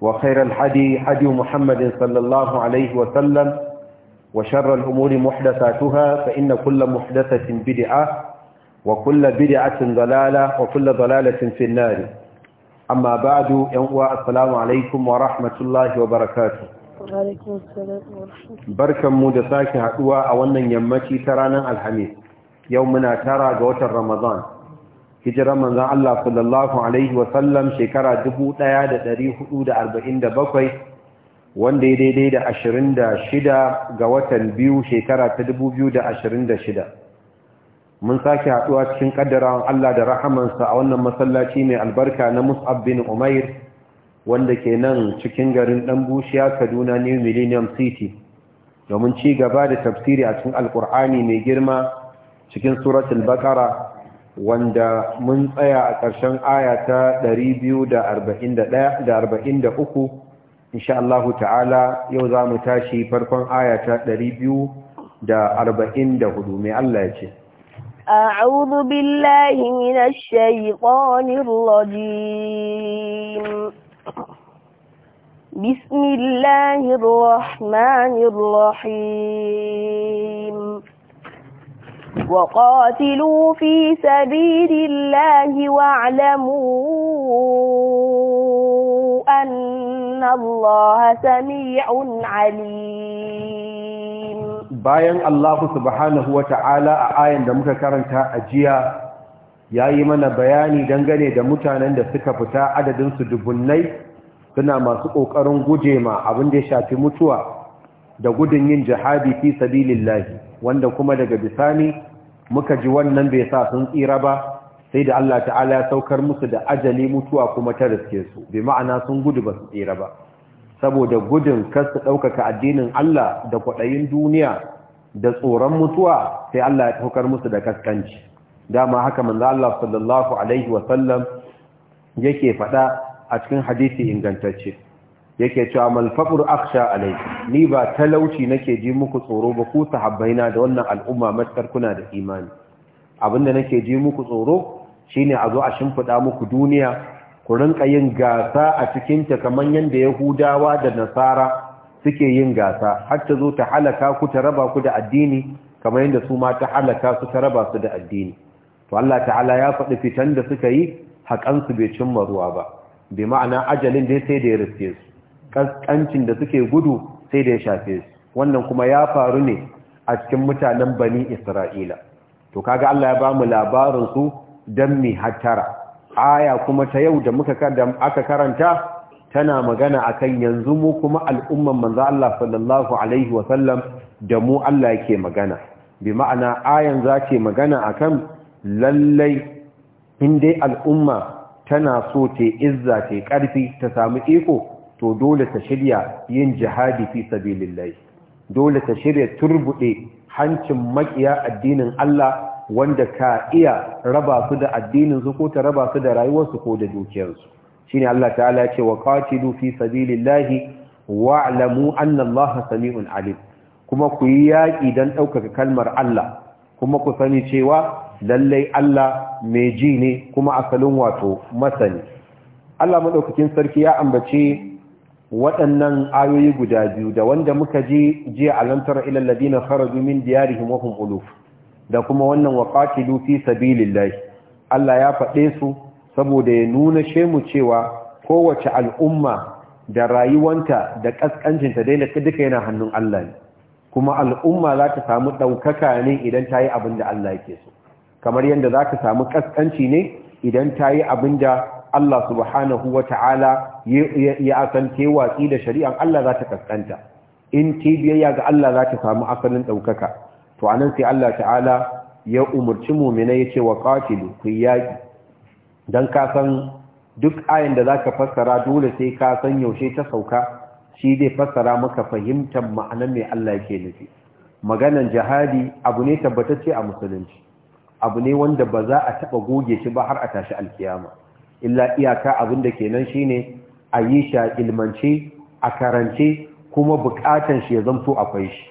وخير الحدي حدي محمد صلى الله عليه وسلم وشر الأمور محدثاتها فإن كل محدثة بدعة وكل بدعة ضلالة وكل ضلالة في النار أما بعد ينقوى السلام عليكم ورحمة الله وبركاته وعليكم السلام ورحمة الله بركة مودساك هدوى أولا يمتي ترانا الحميد يومنا ترى قوة رمضان hijirar manzan Allah sallallahu Alaihi wasallam shekara 1447 wanda ya daidai da 26 ga watan biyu shekara ta 2026 mun sake haɗuwa cikin ƙaddarawan Allah da rahamansa a wannan masallaci mai albarka na Mus'ab bin Umair wanda ke nan cikin garin ɗan bushiya Kaduna New Millennium City domin ci gaba da tafsiri a cikin Alƙur'ani mai girma cikin suratul Baqara wanda mun tsaya a ƙarshen aya ta da insha Allah ta'ala yau za mu tashi farkon aya ta 244 mai Allah ya ce أعوذ بالله من الشيطان الرجيم بسم الله الرحمن الرحيم وقاتلوا في سبيل الله واعلموا أن الله سميع عليم bayan Allah subhanahu wa ta'ala a ayan da muka karanta a jiya ya yi mana bayani dangane da mutanen da suka fita su dubunnai suna masu ƙoƙarin guje ma abin da ya shafi mutuwa da gudun yin jihadi fi sabilillahi wanda kuma daga bisani muka ji wannan bai sa sun tsira ba sai da Allah ta'ala ya saukar musu da ajali mutuwa kuma ta riske su bai ma'ana sun gudu ba su tsira ba saboda gudun kar su ɗaukaka addinin Allah da kwaɗayin duniya da tsoron mutuwa sai Allah ya saukar musu da kaskanci dama haka manzo Allah sallallahu alaihi wa sallam yake faɗa a cikin hadisi ingantacce yake cewa malfaqur akhsha alai ni ba talauci nake ji muku tsoro ba ku sahabbaina da wannan al'umma matkar kuna da imani Abin da nake ji muku tsoro shine a zo a shimfida muku duniya ku rinka yin gasa a cikin ta kaman yanda yahudawa da nasara suke yin gasa har ta zo ta halaka ku ta raba ku da addini kamar yanda su ma ta halaka su ta raba su da addini to Allah ta'ala ya faɗi fitan da suka yi haƙansu bai cimma ruwa ba bi ma'ana ajalin dai sai da ya riske su kaskancin da suke gudu sai da ya shafe su wannan kuma ya faru ne a cikin mutanen bani isra'ila to kaga Allah ya bamu labarin su don mi hattara aya kuma ta yau da muka aka karanta tana magana akan yanzu mu kuma al'umman manza Allah sallallahu alaihi wasallam da mu Allah yake magana bi ma'ana ayan ke magana akan lallai in dai al'umma tana so te izza te ƙarfi, ta samu iko to dole ta shirya yin jihadi fi sabilillahi dole ta shirya turbude hancin makiya addinin Allah wanda ka iya raba su da addinin su ko ta raba su da rayuwarsu ko da dukiyarsu shine Allah ta'ala ya ce wa qatilu fi sabilillahi wa'lamu anna Allah sami'un alim kuma ku yi yaƙi don ɗaukaka kalmar Allah kuma ku sani cewa lallai Allah mai ji ne kuma asalin wato masani Allah maɗaukakin sarki ya ambace waɗannan ayoyi guda biyu da wanda muka je jiya a alamtar ilal ladina kharaju min diyarihim wa hum uluf da kuma wannan waqatilu fi sabilillah Allah ya faɗe su saboda ya nuna shemu cewa kowace al'umma da rayuwanta da kaskancinta dai da duka yana hannun Allah ne kuma al'umma za ta samu ɗaukaka ne idan ta yi abin Allah yake so kamar yadda za ka samu kaskanci ne idan ta yi abin Allah subhanahu wa ta'ala ya asance watsi da shari'an Allah za ta kaskanta in ta biyayya ga Allah za ta samu asalin ɗaukaka to anan sai Allah ta'ala ya umarci mumina ya ce wa ƙatilu ku yaƙi don ka san duk ayin da za ka fassara dole sai ka san yaushe ta sauka shi dai fassara maka fahimtar ma'ana mai Allah yake nufi maganan jihadi abu ne tabbatacce a musulunci abu ne wanda ba za a taɓa goge shi ba har a tashi alkiyama illa iyaka abin da kenan shine a yi shi a ilmance a karance kuma bukatan shi ya zamto akwai shi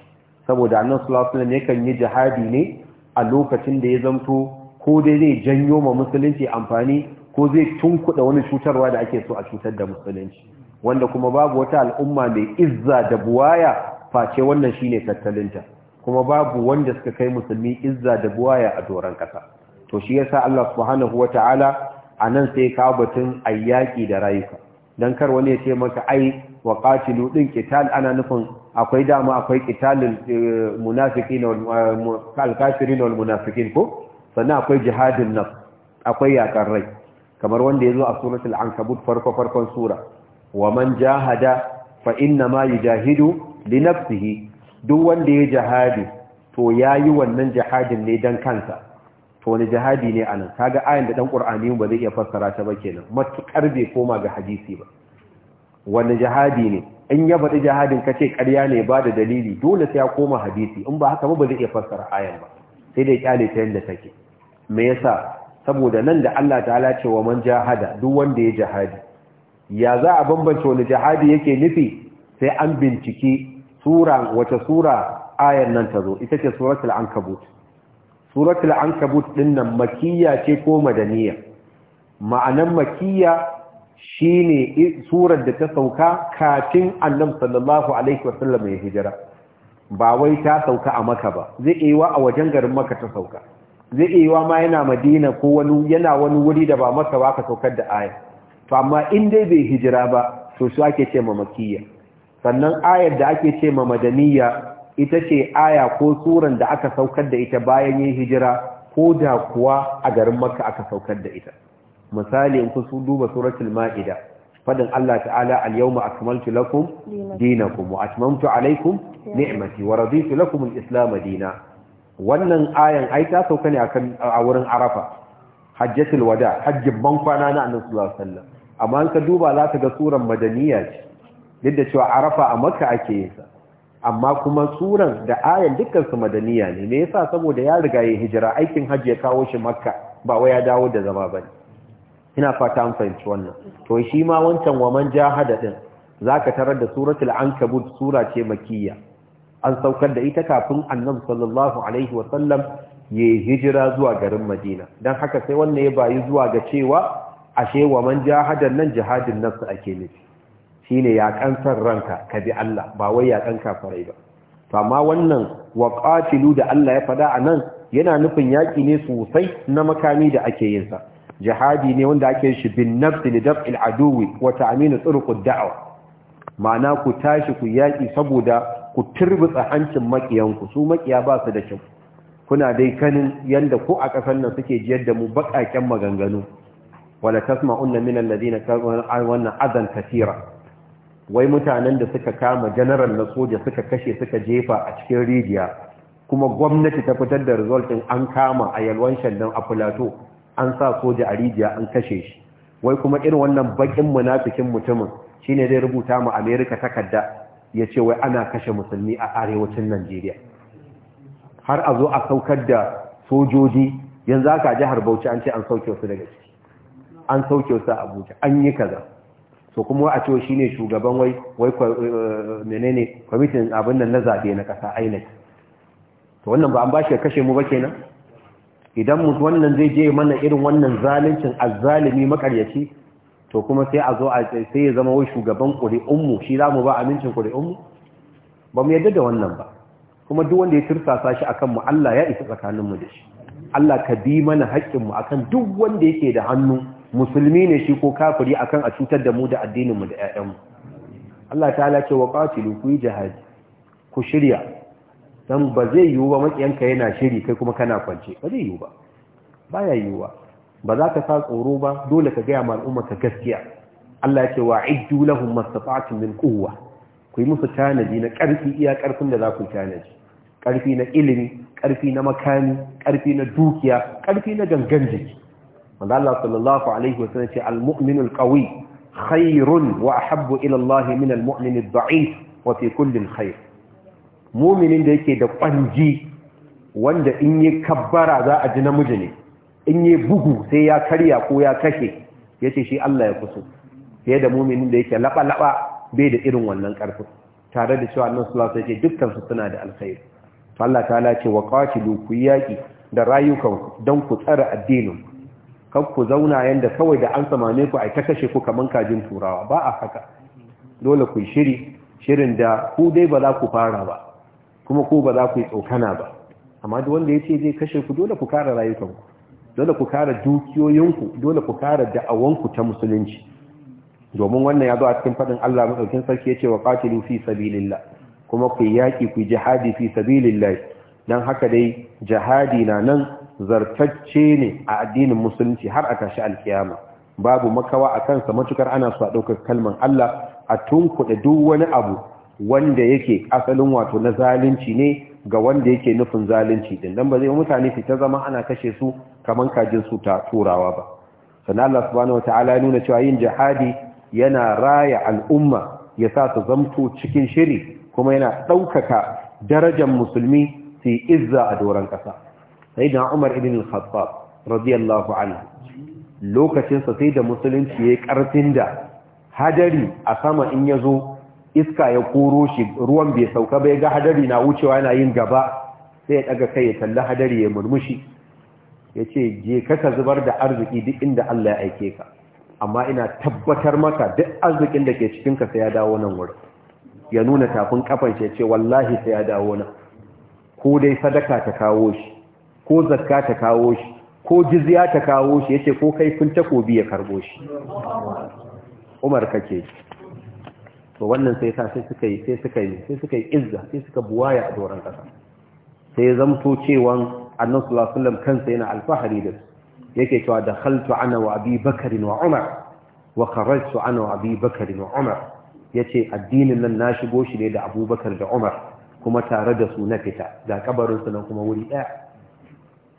saboda annan sulasunan ne kan yi jihadi ne a lokacin da ya zamto ko dai zai janyo ma musulunci amfani ko zai tunkuɗa wani cutarwa da ake so a cutar da musulunci wanda kuma babu wata al'umma mai izza da buwaya face wannan shine tattalinta kuma babu wanda suka kai musulmi izza da buwaya a doron ƙasa to shi yasa Allah subhanahu wataala a nan sai ka batun ayyaki da rayuka don kar wani ya ce maka ai wa qatilu din qital ana nufin akwai dama akwai qitalul eh, munafiqina wal eh, kafirin ko sannan akwai jihadin nan, akwai yakan rai kamar wanda ya zo a suratul ankabut farko farkon sura wa man jahada fa inna ma yujahidu li nafsihi duk wanda ya jihadi to yayi wannan jihadin ne dan kansa to wani jihadi ne a nan? ta ga ayan da ɗan qur'ani ba zai iya fassara ta ba kenan Matuƙar bai koma ga hadisi ba wani jihadi ne in ya faɗi jihadin ka ce ƙarya ne ba da dalili dole sai ya koma hadisi in ba haka ba ba zai iya fassara ayan ba sai dai kyale ta yadda take me yasa saboda nan da Allah ta'ala ce wa man jahada duk wanda ya jihadi ya za a bambance wani jihadi yake nufi sai an binciki sura wata sura ayar nan ta zo ita ce suratul ankabut suratul ankabut din nan makiyya ce ko madaniya ma'anan makiyya shine surar da ta sauka kafin annabi sallallahu alaihi wasallam ya hijira ba wai ta sauka a maka ba zai iya a wajen garin maka ta sauka zai iya ma yana madina ko wani yana wani wuri da ba maka ba ka saukar da aya to amma in dai bai hijira ba to su ake ce ma makiyya sannan ayar da ake ce ma madaniya ita ce aya ko suran da aka saukar da ita bayan yin hijira ko da kuwa a garin makka aka saukar da ita misali in ku su duba suratul ma'ida fadin Allah ta'ala al-yawma akmaltu lakum dinakum wa atmamtu alaykum ni'mati wa raditu lakum al-islam dinan wannan ayan ai ta sauka ne akan a wurin arafa hajjatul wada hajjin ban kwana na annabi sallallahu alaihi wasallam amma in ka duba za ka ga suran madaniya ce duk cewa arafa a makka ake yin sa amma kuma suran da ayan dukkan su madaniya ne me yasa saboda ya riga ya hijira aikin hajji ya kawo shi makka ba wai ya dawo da zama bane ina fata an fahimci wannan to shi ma wancan waman jahada din zaka tarar da suratul ankabut sura ce makkiya an saukar da ita kafin annabi sallallahu alaihi wa sallam ya hijira zuwa garin madina dan haka sai wannan ya bayi zuwa ga cewa ashe waman jahadan nan jihadin nafs ake nufi shine yaƙan san ranka ka bi Allah ba wai yaƙan kafarai ba to amma wannan wa da Allah ya fada anan yana nufin yaƙi ne sosai na makami da ake yinsa. jihadi ne wanda ake shi bin nafsi li daf'il aduwi wa ta'minu turqud da'wa ma'ana ku tashi ku yaƙi saboda ku turbutsa hancin makiyanku su maƙiya ba su da kyau kuna dai kanin yadda ko a ƙasar nan suke jiyar da mu baƙaƙen maganganu wala tasma'unna minan alladhina kafaru wannan azan kasira wai mutanen da suka kama general na soja suka kashe suka jefa a cikin rijiya kuma gwamnati ta fitar da resultin an kama a yalwan shandan a plateau an sa soja a rijiya an kashe shi wai kuma irin wannan bakin munafikin mutumin shine zai rubuta mu America takarda ya ce wai ana kashe musulmi a arewacin Najeriya har a zo a saukar da sojoji yanzu aka jihar Bauchi an ce an sauke su daga ciki an sauke su a Abuja an yi kaza so kuma a cewa shine shugaban wai eh, menene kwamitin abin na zabe na kasa INEC to wannan ba an bashi ya kashe mu ba kenan idan mu wannan zai je mana irin wannan zaluncin azzalimi makaryaci to kuma sai a zo a sai ya zama wai shugaban ƙuri'un mu shi zamu ba amincin ƙuri'un mu ba mu yadda da wannan ba kuma duk wanda ya tirsasa shi akan mu Allah ya isa tsakanin mu da shi Allah ka bi mana haƙƙin mu akan duk wanda yake da hannu musulmi ne shi ko kafiri akan a cutar da mu da addinin mu da 'ya'yanmu. Allah ta'ala ce wa qatilu ku yi jihadi ku shirya dan ba zai yiwu ba makiyanka yana shiri kai kuma kana kwance ba zai yiwu ba baya yiwu ba Ba za ka sa tsoro ba dole ka gaya ma al'umma ka gaskiya Allah ya ce wa iddu lahum mastata'tum min quwwa ku yi musu tanadi na ƙarfi iya ƙarfin da za ku tanaji ƙarfi na ilimi ƙarfi na makami ƙarfi na dukiya ƙarfi na gangan jiki manzo Allah sallallahu alaihi wasallam ce al-mu'minul qawi khairun wa ahabbu ila min al-mu'min ad-da'if khair mu'minin da yake da kwanji wanda in yi kabbara za a ji namiji ne in yi bugu sai ya karya ko ya kashe yace shi Allah ya kuso fiye da mu'minin da yake laɓa laɓa bai da irin wannan ƙarfi. tare da cewa annabi sallallahu alaihi dukkan su suna da alkhair Allah ta'ala wa qatilu ku da rayukanku don ku tsara addinin kan ku zauna yadda kawai da an samane ku a ta kashe ku kamar kajin turawa ba a haka dole ku shiri shirin da ku dai ba za ku fara ba kuma ku ba za ku yi tsokana ba amma da wanda ya ce zai kashe ku dole ku kare rayukanku dole ku kare dukiyoyinku dole ku kare da'awanku ta musulunci domin wannan ya zo a cikin faɗin Allah maɗaukin sarki ya ce wa ƙatilu fi sabilillah kuma ku yaki ku jihadi fi sabilillah Dan haka dai jihadi na nan zartacce ne a addinin musulunci har a tashi alkiyama babu makawa a kansa matukar ana su a ɗaukar kalman Allah a tunkuɗe duk wani abu wanda yake asalin wato na zalunci ne ga wanda yake nufin zalunci din dan ba zai mutane su ta zama ana kashe su kamar kajin su ta turawa ba sannan Allah subhanahu wataala ya nuna cewa yin jihadi yana raya al'umma ya sa su zamto cikin shiri kuma yana ɗaukaka darajar musulmi su yi izza a doron ƙasa sai da umar ibn al-khattab radiyallahu anhu lokacinsa sai da musulunci ya yi karfin da hadari a sama in yazo iska ya koro shi ruwan bai sauka bai ga hadari na wucewa yana yin gaba sai ya ɗaga kai ya talla hadari ya murmushi yace je ka zubar da arziki duk inda Allah ya aike ka amma ina tabbatar maka duk arzikin da ke cikinka sai ya dawo nan wurin ya nuna tafin kafan shi ya ce wallahi sai ya dawo nan ko dai sadaka ta kawo shi ko zakka ta kawo shi ko jizya ta kawo shi yace ko kaifin takobi ya karbo shi Umar kake to wannan sai sa sai suka yi sai suka yi sai suka yi izza sai suka buwaya a doran kasa sai zamto cewan annabi sallallahu alaihi kansa yana alfahari da su yake cewa dakhaltu ana wa abi bakr wa umar wa kharajtu ana wa abi bakr wa umar yace addinin nan na shigo shi ne da abubakar da umar kuma tare da su na fita ga kabarin su nan kuma wuri daya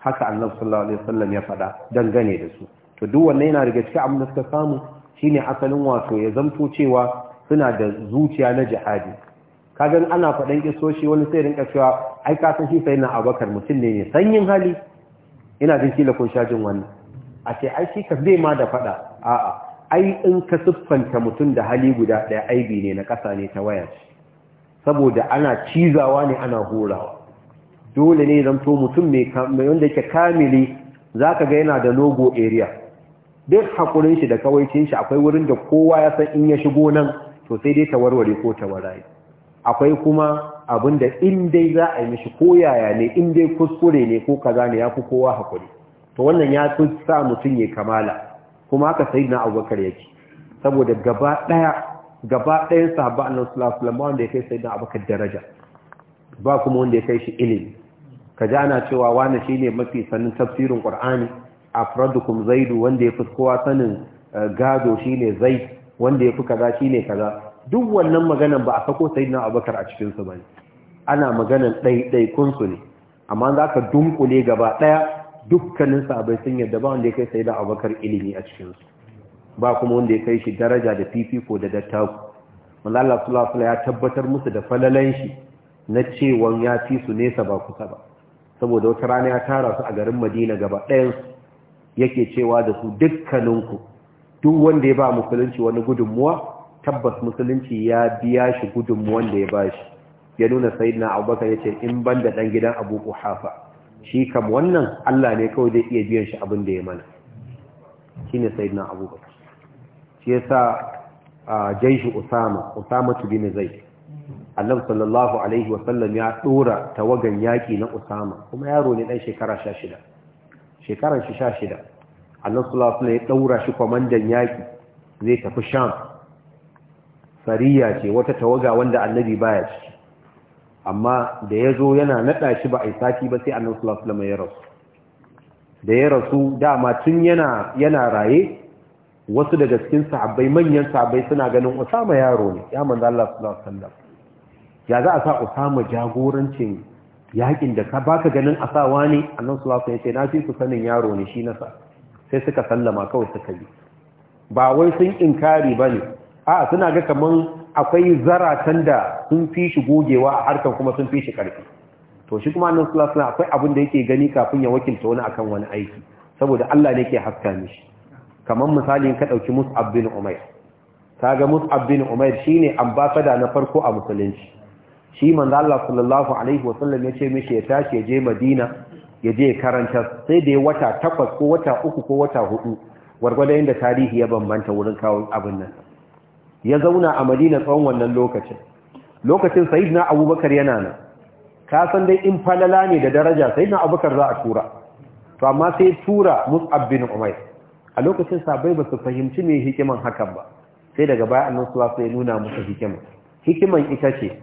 haka annabi sallallahu alaihi wasallam ya faɗa dangane da su to duk wannan yana daga cikin abin da suka samu shine asalin wato ya zanto cewa suna da zuciya na jihadi kagan ana faɗan kisoshi wani sai rinka cewa ai ka san shi sai na abakar mutum ne ne sanyin hali ina jin kila kun shajin wannan a ce ai shi ka zai ma da faɗa a'a ai in ka siffanta mutum da hali guda ɗaya aibi ne na kasa ne ta waya saboda ana cizawa ne ana horawa dole ne zamto mutum mai wanda yake kamili za ka ga yana da logo area duk haƙurin shi da kawaicin shi akwai wurin da kowa ya san in ya shigo nan to sai dai tawarware ko tawaraye akwai kuma abin da in dai za a yi mishi ko yaya ne in dai kuskure ne ko kaza ne ya fi kowa haƙuri to wannan ya fi sa mutum ya kamala kuma haka sai na abubakar yake saboda gaba ɗaya gaba ɗayan sahabba ba wanda ya kai sai na abubakar daraja ba kuma wanda ya kai shi ilimi ka ji ana cewa wani ne mafi sanin tafsirin a afradukum zaidu wanda ya fi kowa sanin eh, gado shine zaid wanda ya fi kaza shine kaza duk wannan maganan ba a sako na abubakar a cikinsu ba ne. ana maganan ɗaiɗaikunsu ne amma za ka dunkule gaba ɗaya dukkanin sabai sun yadda ba wanda ya kai sayyidina abubakar ilimi a cikinsu. ba kuma wanda ya kai shi daraja da fifiko da dattaku wanda Allah sula ya tabbatar musu da falalan shi na cewa ya fi su nesa ba kusa ba saboda wata rana ya tara su a garin madina gaba ɗayan yake cewa da su dukkaninku duk wanda ya ba musulunci wani gudunmuwa tabbas musulunci ya biya shi gudunmuwan da ya ba shi ya nuna sayidina abubakar ya ce in ban da ɗan gidan abu kuhafa shi kam wannan allah ne kawai zai iya biyan shi abin da ya mana shi ne sayidina abubakar shi ya sa usama usama tu bin zai Allah sallallahu alaihi wasallam ya dora tawagan yaki na usama kuma yaro ne dan shekara shida. shekaran shi 16 Allah sallallahu alaihi ya daura shi komandan yaki zai tafi sham sariya ce wata tawaga wanda annabi baya ciki amma da ya zo yana naɗa shi ba a yi sati ba sai annan sulasulama ya rasu da ya rasu dama tun yana raye wasu daga cikin sahabbai manyan sahabbai suna ganin usama yaro ne ya manzo Allah sallallahu alaihi wasallam ya za a sa Usama jagorancin yaƙin da ka baka ganin asawa ne annan ya ce na fi su sanin yaro ne shi nasa sai suka sallama kawai suka yi ba wai sun inkari ba ne a suna ga kaman akwai zaratan da sun fi shi gogewa a harkar kuma sun fi shi karfi to shi kuma annan suna akwai abin da yake gani kafin ya wakilta wani akan wani aiki saboda Allah ne ke haska mishi kamar misali ka ɗauki mus'ab bin umair ga mus'ab bin umair shine ambasada na farko a musulunci shi manzo Allah sallallahu alaihi wasallam ya ce mishi ya tashi ya je Madina ya je karanta sai da ya wata takwas ko wata uku ko wata hudu gwargwadon inda tarihi ya bambanta wurin kawo abin nan ya zauna a Madina tsawon wannan lokacin lokacin sayyidina Abubakar yana nan ka san dai in falala ne da daraja sayyidina Abubakar za a tura to amma sai tura Mus'ab bin Umair a lokacin sabai ba su fahimci me hikiman hakan ba sai daga baya annabi sallallahu alaihi ya nuna musu hikima. hikiman ita ce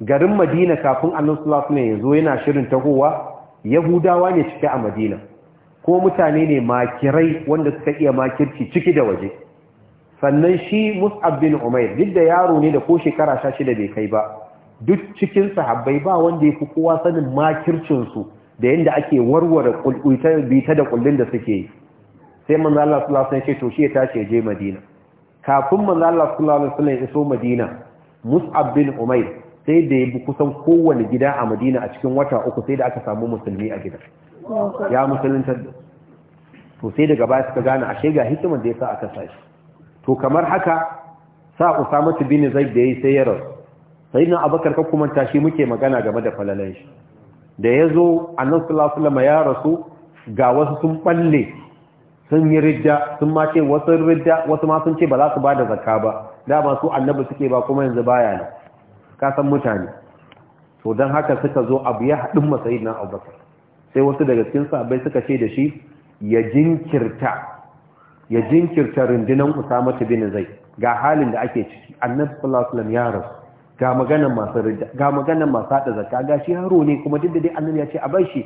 garin madina kafin annabi sallallahu yanzu, ya zo yana shirin tahowa yahudawa ne cike a madina ko mutane ne makirai wanda suka iya makirci ciki da waje sannan shi mus'ab bin umair duk da yaro ne da ko shekara sha shida bai kai ba duk cikin sahabbai ba wanda ya fi kowa sanin makircinsu da yadda ake warware bita da kullun da suke yi sai manzo Allah sallallahu alaihi ya ce to shi ya tashi ya je madina kafin manzo Allah sallallahu alaihi ya iso madina mus'ab bin umair sai da ya bi kusan kowane gida a madina a cikin wata uku sai da aka samu musulmi a gida ya musuluntar da to sai daga baya suka gane ashe ga hikimar da ya sa aka sashi to kamar haka sa usamatu bin zai da yayi sai ya rasu sayyidina abakar ka kuma tashi muke magana game da falalan shi da yazo annabi sallallahu alaihi wasallam ya rasu ga wasu sun balle sun yi ridda sun ma ce wasu ridda wasu ma sun ce ba za su bada zakka ba dama su annabi suke ba kuma yanzu baya ne ka san mutane to don haka suka zo abu ya haɗin masayi na abubakar sai wasu daga cikin sabai suka ce da shi ya jinkirta ya jinkirta rundunan usamatu bin zai ga halin da ake ciki annabi sallallahu alaihi wasallam ya rasu ga maganan masu rida ga maganar masu hada zakka ga shi yaro ne kuma duk da dai annabi ya ce a bar shi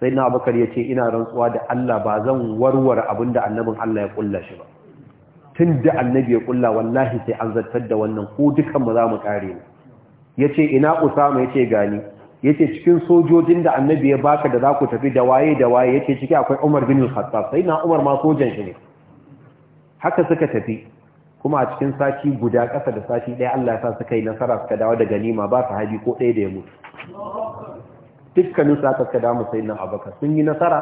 sai na abubakar ya ce ina rantsuwa da Allah ba zan warware abinda annabin Allah ya kulla shi ba tun da annabi ya kulla wallahi sai an zartar da wannan ko dukan za mu kare ne yace ina usama yace gani yace cikin sojojin da annabi ya baka da za ku tafi da waye da waye yace ciki akwai Umar bin sai na Umar ma sojan shi ne haka suka tafi kuma a cikin sati guda kasa da sati ɗaya Allah ya sa suka yi nasara suka dawo da ganima ba su haji ko ɗaya da ya mutu dukkanin su aka suka dawo sai na abaka sun yi nasara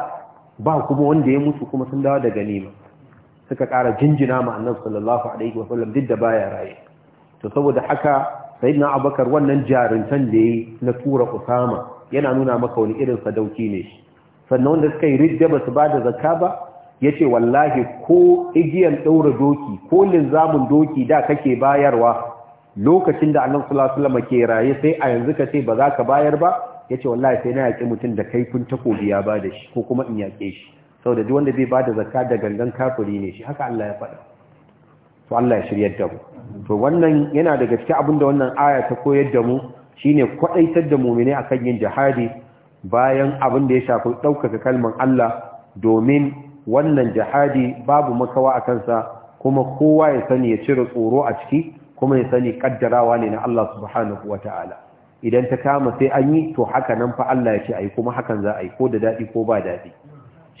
ba kuma wanda ya mutu kuma sun dawo da ganima suka ƙara jinjina ma annabi sallallahu alaihi wasallam duk da baya raye to saboda haka sayyidina abubakar wannan jarintan da yayi na tura usama yana nuna maka wani irin sadauki ne sannan wanda suka yi ridda ba su ba da zakka ba yace wallahi ko igiyan ɗaura doki ko linzamin doki da kake bayarwa lokacin da annabi sallallahu alaihi sallam ke raye sai a yanzu ka ce ba za ka bayar ba yace wallahi sai na yaki mutum da kaifin takobi ya ba da shi ko kuma in yaƙe shi sau duk wanda ba da zaka da gangan kafiri ne shi haka Allah ya faɗa to Allah ya shiryar da mu to wannan yana daga cikin abin da wannan aya ta koyar da mu shine kwadaitar da mu'mini akan yin jihadi bayan abin da ya shafi ɗaukaka kalman Allah domin wannan jihadi babu makawa a kansa kuma kowa ya sani ya cire tsoro a ciki kuma ya sani kaddarawa ne na Allah subhanahu wa ta'ala idan ta kama sai an yi to haka nan fa Allah ya ce a kuma hakan za a yi ko da daɗi ko ba daɗi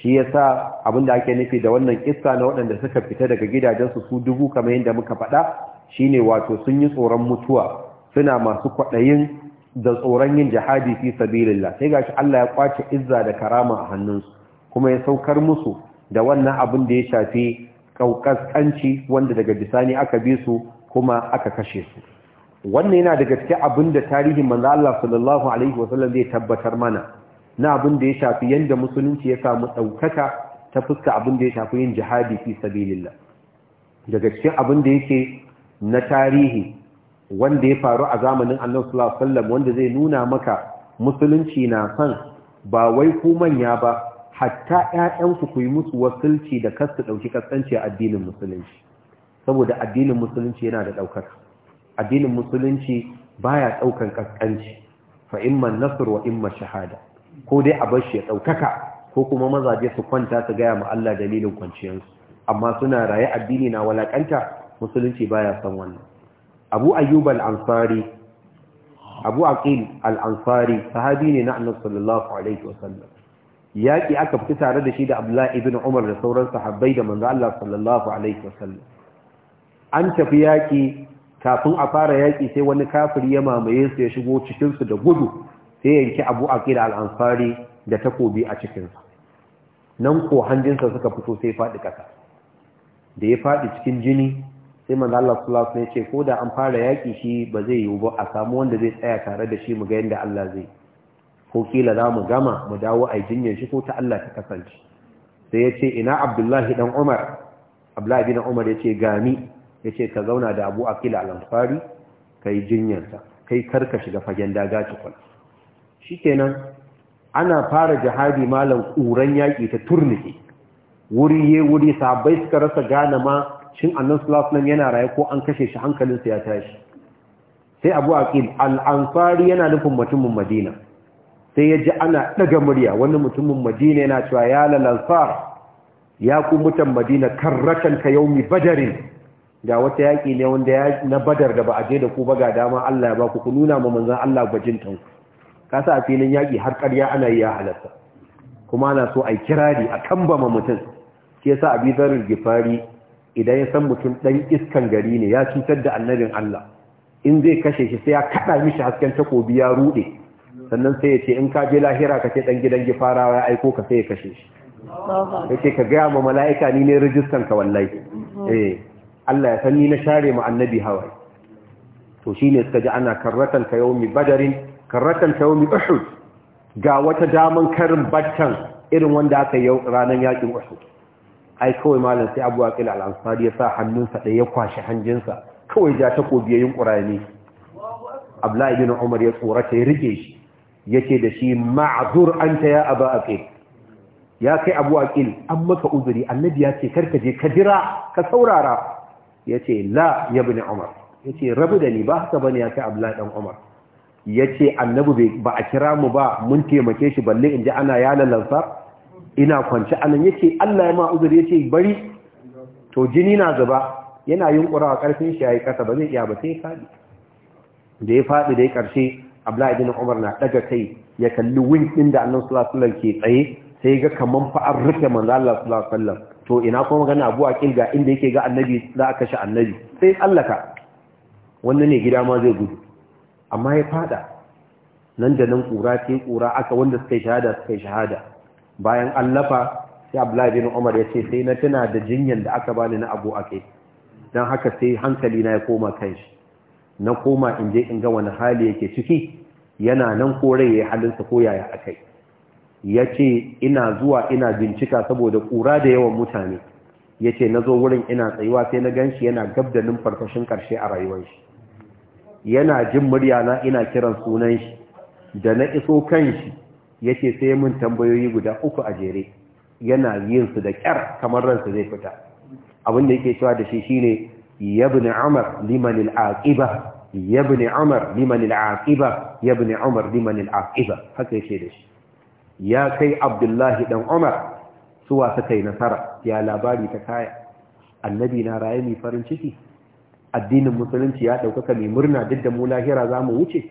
shi ya yasa abinda ake nufi da wannan kista na waɗanda suka fita daga gidajensu su dubu kamar yadda muka faɗa Shi ne wato sun yi tsoron mutuwa suna masu kwaɗayin da tsoron yin jihadi fi sabilillah sai ga shi Allah ya kwace izza da karama a hannunsu kuma ya saukar musu da wannan abin da ya shafi kaukaskanci wanda daga bisani aka bi su kuma aka kashe su wannan yana daga cikin abin da tarihin manzo Allah sallallahu alaihi wasallam zai tabbatar mana na abin da ya shafi yadda musulunci ya samu ɗaukaka ta fuska abin da ya shafi yin jihadi fi sabilillah daga cikin abin da yake na tarihi wanda ya faru a zamanin annabi sallallahu wanda zai nuna maka musulunci na san ba wai ku manya ba hatta ƴaƴanku ku yi musu wasulci da kasu dauki kasance addinin musulunci saboda addinin musulunci yana da ɗaukaka, addinin musulunci baya daukan kaskanci fa imma nasr wa imma shahada ko dai a bar shi ya ɗaukaka ko kuma mazaje su kwanta su gaya ma Allah dalilin kwanciyarsu amma suna raye addini na walakanta musulunci baya san wannan abu ayyub al-ansari abu aqil al-ansari sahabi ne na annabi sallallahu alaihi wasallam yaki aka fita tare da shi da abdullahi ibn umar da sauran sahabbai da manzo Allah sallallahu alaihi wasallam an tafi yaki kafin a fara yaki sai wani kafiri ya mamaye su ya shigo cikin su da gudu sai yanki abu aqil al-ansari da takobi a cikinsa nan ko hanjinsa suka fito sai faɗi ƙasa da ya faɗi cikin jini sai manzo Allah sallallahu alaihi wasallam ce ko da an fara yaki shi ba zai yiwu ba a samu wanda zai tsaya tare da shi mu ga yanda Allah zai ko kila za mu gama mu dawo a jinyar shi ko ta Allah ta kasance sai ya ce ina Abdullahi dan Umar Abdullahi bin Umar ya ce gani ya ce ka zauna da Abu Aqil al-Ansari kai jinyarsa kai karka shiga fagen daga cikin shi kenan ana fara jihadi malam ƙuran yaƙi ta turniki wuri ya wuri sabai suka rasa gane ma shin annan sulafinan yana raye ko an kashe shi hankalinsa ya tashi sai abu aqil al'amfari yana nufin mutumin madina sai ya ji ana ɗaga murya wani mutumin madina yana cewa ya lalansar ya ku mutan madina kan ka yaumi badarin ga wata yaƙi ne wanda ya na badar da ba a je da ku ba ga dama Allah ya ba ku ku nuna ma manzon Allah tanku kasa a filin yaƙi har ƙarya ana yi ya halatta kuma ana so a kirari a kambama mutum shi yasa a zarar gifari idan ya san mutum ɗan iskan gari ne ya cutar da annabin Allah in zai kashe shi sai ya kaɗa mishi hasken takobi ya ruɗe sannan sai ya ce in ka je lahira ka ce ɗan gidan gifarawa ya aiko ka sai ya kashe shi ya ce ka gaya ma mala'ika ni ne rijistan ka wallahi eh, Allah ya san ni na share ma annabi hawaye to shine suka ji ana karratan ka yawmi badarin karratan taumi uhud ga wata daman karin baccan irin wanda aka yau ranar yakin uhud ai kawai malam sai abu aqil al-ansari ya sa hannunsa ɗaya ya kwashi hanjinsa kawai ja takobi yayin qurani abdullahi ibn umar ya tsorata ya rike shi yace da shi ma'zur anta ya abu aqil ya kai abu aqil an maka uzuri annabi ya ce karka je ka jira ka saurara yace la ya ibn umar yace rabu da ni ba haka bane ya kai abla dan umar ya ce annabi ba a kira mu ba mun taimake shi balle in ji ana yana lansar ina kwanci anan ya ce allah ya ma'uzur ya ce bari to jini na zuba yana yin a ƙarfin shi ya yi ƙasa ba zai iya ba sai ya faɗi da ya faɗi da ya ƙarshe a bin umar na ɗaga kai ya kalli win ɗin da annan sulasulan ke tsaye sai ga kaman fa'ar rufe manzo allah sulasulan to ina kuma magana abu a ƙilga inda yake ga annabi za a kashe annabi sai tsallaka wannan ne gida ma zai gudu amma ya fada nan da nan kura ce kura aka wanda suka yi shahada suka yi shahada bayan allafa sai abdullahi bin umar ya ce sai na tana da jinyan da aka bani na abu akai dan haka sai hankali na ya koma kai shi, na koma in je in ga wani hali yake ciki yana nan ko rai ya halinsa ko yaya akai ya ce ina zuwa ina bincika saboda kura da yawan mutane ya ce na zo wurin ina tsayuwa sai na gan shi yana gabda da numfarfashin ƙarshe a rayuwar shi yana jin murya na ina kiran sunan shi da na iso kan shi yake sai mun tambayoyi guda uku a jere yana yin su da kyar kamar ransa zai fita abin da yake cewa da shi shine yabni amr liman al-aqiba yabni Umar liman al-aqiba yabni umar liman al-aqiba haka yake da shi ya kai abdullahi dan umar suwa suka yi nasara ya labari ta kaya annabi na raye mai farin ciki addinin musulunci ya ɗaukaka mai murna duk da mu lahira za mu wuce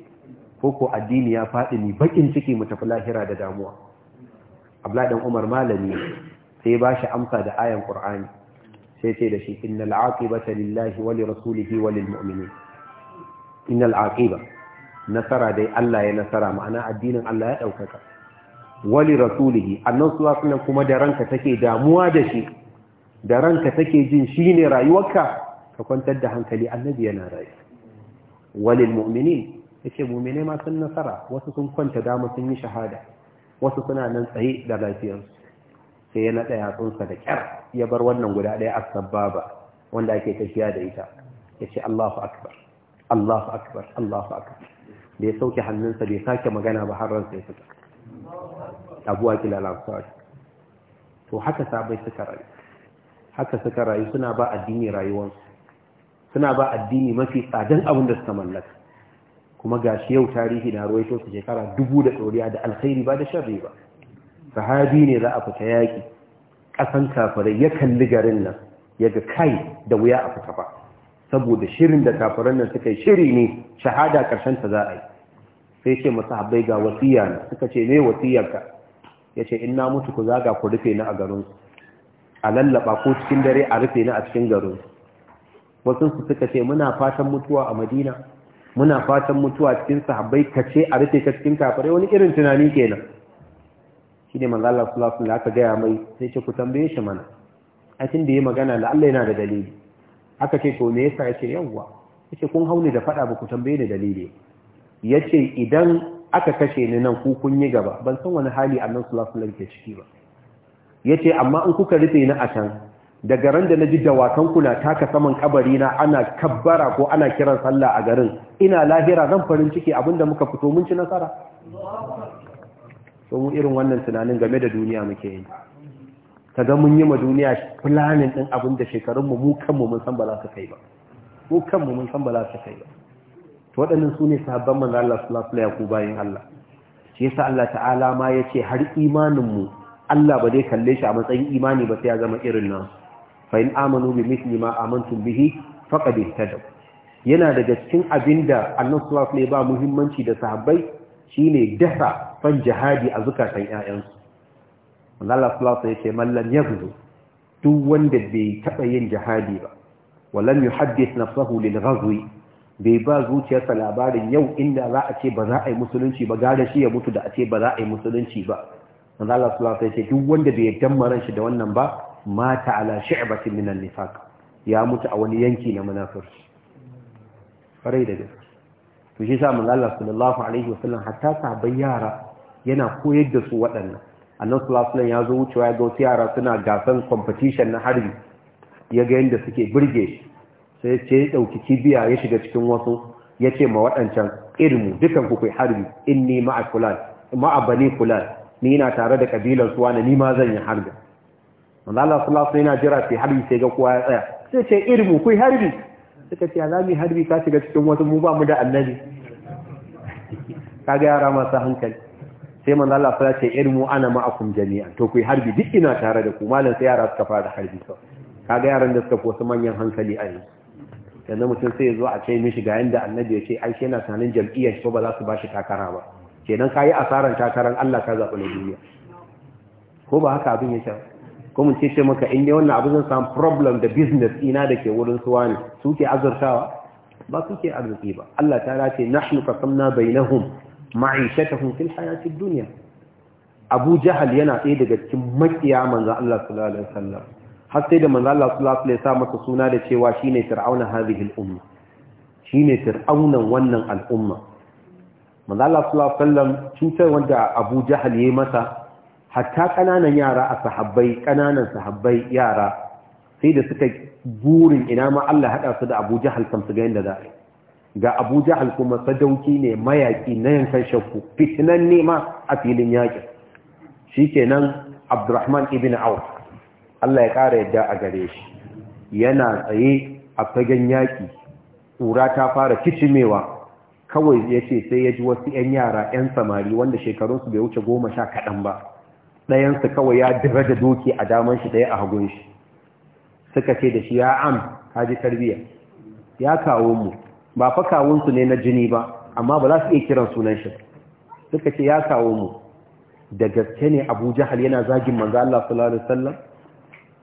ko ko addini ya faɗi ne bakin ciki mu tafi lahira da damuwa abla umar malami sai ba shi amsa da ayan qur'ani sai ce da shi innal aqibata lillahi wa li rasulihi wa lil mu'minin innal aqiba nasara dai Allah ya nasara ma'ana addinin Allah ya ɗaukaka wa li rasulihi annabi sallallahu kuma da ranka take damuwa da shi da ranka take jin shine rayuwarka ka kwantar da hankali annabi yana rai walil mu'minin yace mu'mine ma sun nasara wasu sun kwanta dama sun yi shahada wasu suna nan tsaye da lafiyarsu sai ya naɗa yatsunsa da kyar ya bar wannan guda ɗaya asbaba wanda ake tafiya da ita yace Allahu akbar Allahu akbar Allahu akbar da ya sauke hannunsa bai sake magana ba har ransa ya fita Abu Akil al to haka sabai suka rayu haka suka rayu suna ba addini rayuwarsu suna ba addini mafi tsadan abin da suka mallaka kuma ga shi yau tarihi na ruwaito su shekara dubu da tsoriya da alkhairi ba da sharri ba sahabi ne za a fita yaƙi ƙasan kafirai ya kalli garin nan ya ga kai da wuya a fita ba saboda shirin da kafirai nan suka yi shiri ne shahada ƙarshen ta za a yi sai ce masu habai ga wasiya na suka ce me wasiyarka ya ce in na mutu ku zaga ku rufe ni a garinsu a lallaba ko cikin dare a rufe ni a cikin garinsu wasu su suka ce muna fatan mutuwa a madina muna fatan mutuwa cikin sahabbai kace a rufe ka cikin kafare. wani irin tunani kenan shi ne manzo Allah sallallahu alaihi aka gaya mai sai ce ku tambaye shi mana a cikin da yayi magana da Allah yana da dalili aka ce to me yasa yake yawwa yace kun hauni da fada ba ku tambaye ni dalili yace idan aka kashe ni nan ku kun yi gaba ban san wani hali annabi sallallahu alaihi wasallam ke ciki ba yace amma in kuka rufe ni a can daga ran da na ji dawakan kuna taka saman kabari na ana kabbara ko ana kiran sallah a garin ina lahira zan farin ciki abinda muka fito mun ci nasara so mu irin wannan tunanin game da duniya muke yi kaga mun yi ma duniya planin din abinda shekarun mu mu kanmu mun san ba za su kai ba mu kanmu mun san ba za su kai ba to waɗannan su ne sahabban manzo Allah sallallahu alaihi wasallam bayin Allah shi yasa Allah ta'ala ma yace har imanin mu Allah ba zai kalle shi a matsayin imani ba sai ya zama irin nan fa in amanu bi nima ma amantum bihi ta ihtadaw yana daga cikin abinda Annabi sallallahu ne ba muhimmanci da sahabbai shine dasa fan jihadi a zukatan 'ya'yansu. Allah sallallahu alaihi wasallam mallan ya yaghzu duk wanda bai taɓa yin jihadi ba walam na nafsahu lil ghazwi bai ba zuciyarsa labarin yau inda za a ce ba za a yi musulunci ba gada shi ya mutu da a ce ba za a yi musulunci ba manzo Allah sallallahu alaihi duk wanda bai yaddamma ran shi da wannan ba mata ala min minan nifaq ya mutu a wani yanki na munafirci farai da gaske to shi sa manzo Allah sallallahu alaihi wasallam hatta sahabbai yara yana koyar da su waɗannan annabi sallallahu alaihi wasallam ya zo wucewa ya ga wasu yara suna gasan competition na harbi ya ga yanda suke burge shi sai ce ya ɗauki kibiya ya shiga cikin wasu ya ce ma waɗancan irmu dukan ku kai harbi inni ma'a kulal ma'a bani kulal ni na tare da kabilan suwa ni ma zan yi harbi manzo Allah sallallahu yana jira sai harbi sai ga kowa ya tsaya sai ce irmu kai harbi suka ce za mu harbi ka shiga cikin wasu mu ba mu da annabi kaga yara masu hankali sai manzo Allah sallallahu alaihi wasallam ce irmu ana ma'akum jami'an to kai harbi duk ina tare da ku malam sai yara suka fara harbi kaga yaran da suka fi wasu manyan hankali a yanzu mutum sai ya zo a ce mishi ga yanda annabi ya ce ai shi yana sanin jam'iyyar shi ba za su ba shi takara ba kenan ka yi asaran takaran Allah ka zaɓi na duniya ko ba haka abin ya ce ko mun ce ce maka in dai wannan abu zan samu problem da business ina da ke wurin suwa ne suke azurtawa ba suke arziki ba Allah ta dace na race nahnu qasamna bainahum ma'ishatahum fil hayati dunya Abu Jahal yana ɗaya daga cikin makiya manzon Allah sallallahu alaihi wasallam har sai da manzon Allah sallallahu alaihi wasallam ya sa masa suna da cewa shi ne fir'auna hadhihi al-umma ne fir'aunan wannan al'umma manzon Allah sallallahu alaihi wasallam cutar wanda Abu Jahal yi masa hatta ƙananan yara a sahabbai ƙananan sahabbai yara sai da suka burin ina ma Allah haɗa su da Abu Jahal kam su ga yanda za ga Abu Jahal kuma sadauki ne mayaƙi na yankan shakku fitinan nema a filin yaƙi nan Abdurrahman ibn Awa. Allah ya ƙara yadda a gare shi yana tsaye a fagen yaƙi ƙura ta fara kicimewa kawai ya ce sai ya ji wasu 'yan yara 'yan samari wanda shekarunsu bai wuce goma sha kaɗan ba ɗayansu kawai ya dira da doki a daman shi ɗaya a hagun shi suka ce da shi ya am haji tarbiyya ya kawo mu ba fa kawunsu ne na jini ba amma ba za su iya kiran sunan shi suka ce ya kawo mu da gaske ne abu jahal yana zagin manzo Allah sallallahu alaihi wasallam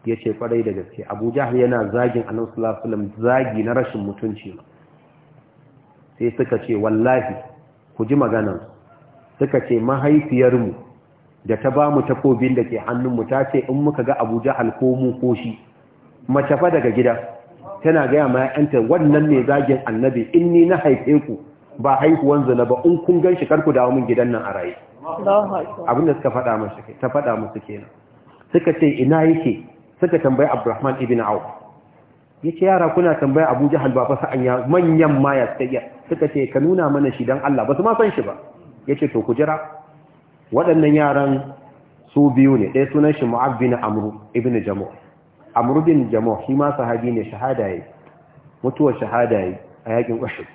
ya ce kwarai da gaske abu jahal yana zagin annabi sallallahu alaihi wasallam zagi na rashin mutunci sai suka ce wallahi ku ji maganan suka ce mahaifiyarmu da ta ba mu takobin da ke hannunmu ta ce in muka ga abu jahal ko mu ko shi mace fa daga gida tana gaya ma ya'yanta wannan ne zagin annabi in ni na haife ku ba haihuwan zuna ba in kun gan shi karku dawo min gidan nan a raye abin da suka faɗa masa ta faɗa musu kenan suka ce ina yake suka tambayi abdurrahman ibn Ya ce yara kuna tambayi abu jahal ba fa sa'an ya manyan ma iya. suka ce ka nuna mana shi dan Allah ba su ma san shi ba yace to ku jira waɗannan yaran su biyu ne ɗaya sunan shi mu'abbi na amru ibn jamo. amru bin jamo shi ma sahabi ne shahada yi mutuwar shahada yi a yakin uhud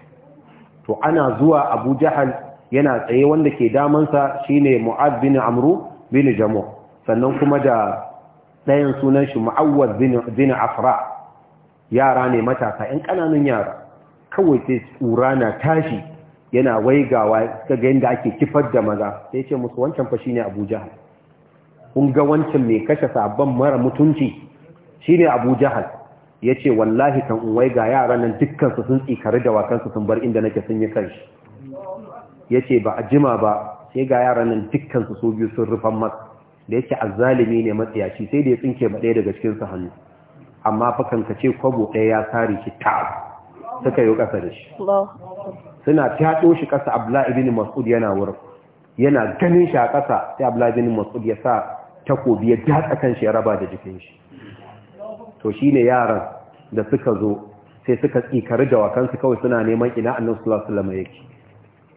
to ana zuwa abu jahal yana tsaye wanda ke damansa ne mu'abbi na amru bin jamo sannan kuma da ɗayan sunan shi mu'awar bin afra yara ne matasa 'yan ƙananan yara kawai sai tsura na tashi yana waigawa ga yadda ake kifar da maza sai ce musu wancan fa shine Abuja kun ga wancan mai kashe sabon mara mutunci shine Abu Jahal yace wallahi kan in waiga yaran nan dukkan su sun tsikari da wakansu sun bar inda nake sun yi kanshi yace ba a jima ba sai ga yaran nan dukkan su biyu sun rufan masa da yake azzalimi ne matsiyaci sai da ya tsinke ba ɗaya daga cikin su hannu amma fa kan ce kwabo ɗaya ya sare ki ta suka yi ƙasa da shi suna fyaɗo shi ƙasa abla mas'ud yana wurin yana ganin shi a ƙasa ta abla ibn mas'ud ya sa takobi ya datsa kan shi ya raba da jikin shi to shine yaran da suka zo sai suka tsikari da wakansu kawai suna neman ina a sallallahu alaihi yake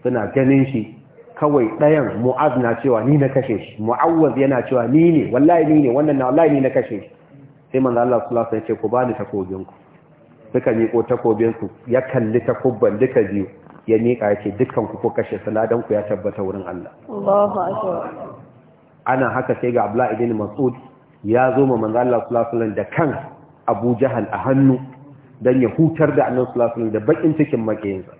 suna ganin shi kawai ɗayan mu'az na cewa ni na kashe shi mu'awwaz yana cewa ni ne wallahi ni ne wannan na wallahi ni na kashe shi sai manzo Allah sallallahu alaihi wasallam ya ce ku bani takobinku suka miƙo takobinsu ya kalli takubban duka biyu ya miƙa yake dukkan ku ko kashe sanadan ku ya tabbata wurin Allah ana haka sai ga Abdullahi ibn Mas'ud ya zo ma manzo Allah sallallahu alaihi da kan Abu Jahal a hannu dan ya hutar da Annabi sallallahu alaihi da bakin cikin makiyinsa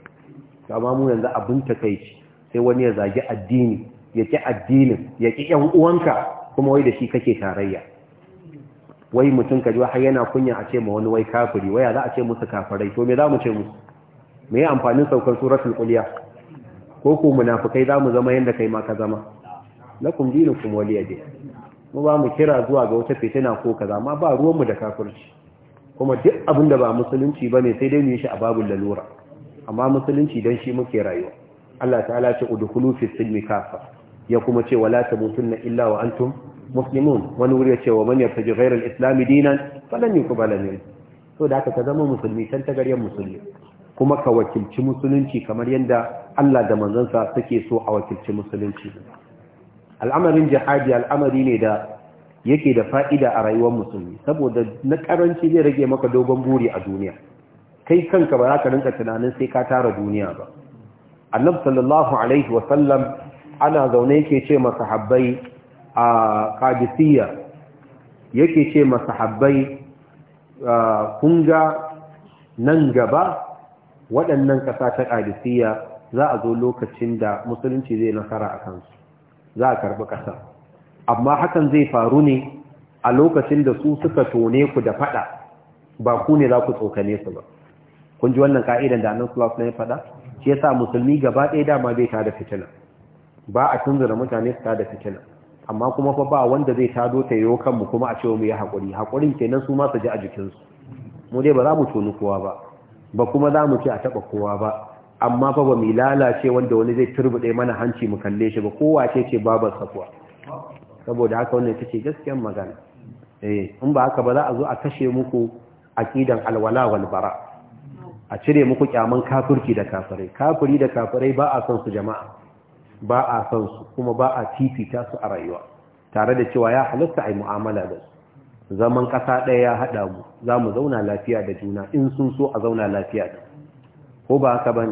amma mu yanzu abin takeici sai wani ya zagi addini ya ki addinin ya ki ƴan uwanka kuma wai da shi kake tarayya wai mutum ka ji har yana kunya a ce ma wani wai kafiri waya za a ce musu kafirai to me za mu ce musu me yi amfanin saukar suratul quliya ko ku munafikai za mu zama yanda kai ma ka zama lakum dinukum waliya din mu ba mu kira zuwa ga wata fitina ko kaza amma ba ruwan mu da kafirci kuma duk abin da ba musulunci bane sai dai mu yi shi a babul lalura amma musulunci dan shi muke rayuwa Allah ta'ala ce udkhulu fis silmi kafa ya kuma ce wala tamutunna illa wa antum muslimun wani wuri ya ce wa man yartaji ghayra al-islam dinan falan yuqbala min so da haka ka zama musulmi san ta garyan musulmi kuma ka wakilci musulunci kamar yadda Allah da manzansa suke so a wakilci musulunci al'amarin jihadi al'amari ne da yake da fa'ida a rayuwar musulmi saboda na karanci zai rage maka dogon buri a duniya kai kanka ba za ka rinka tunanin sai ka tara duniya ba annabi sallallahu alaihi wa sallam ana zaune yake ce masa habbai a qadisiyya yake ce masahabbai kun ga nan gaba waɗannan ƙasa ta ƙadisiyya za a zo lokacin da musulunci zai nasara a kansu za a karɓi ƙasa amma hakan zai faru ne a lokacin da su suka tone ku da faɗa ba ku ne za ku tsokane su ba kun ji wannan ka'idan da annan sulawus na ya faɗa shi yasa musulmi gaba ɗaya dama bai ta da fitina ba a tunzura mutane su ta da fitina amma kuma fa ba wanda zai tado ta yiwo kanmu kuma a cewa mu yi haƙuri haƙurin kenan su ma su ji a jikinsu mu dai ba za mu tonu kowa ba ba kuma za mu ce a taɓa kowa ba amma fa ba mu lalace wanda wani zai turbuɗe mana hanci mu kalle shi ba kowa ce ce babar sakuwa saboda haka wannan ita ce gaskiyar magana eh in ba haka ba za a zo a kashe muku aqidan alwala wal bara a cire muku kyaman kafirki da kafirai kafiri da kafirai ba a son su jama'a ba a son su kuma ba a fifita su a rayuwa tare da cewa ya halatta a yi mu'amala da su zaman ƙasa ɗaya ya haɗa mu za mu zauna lafiya da juna in sun so a zauna lafiya da ko ba haka ba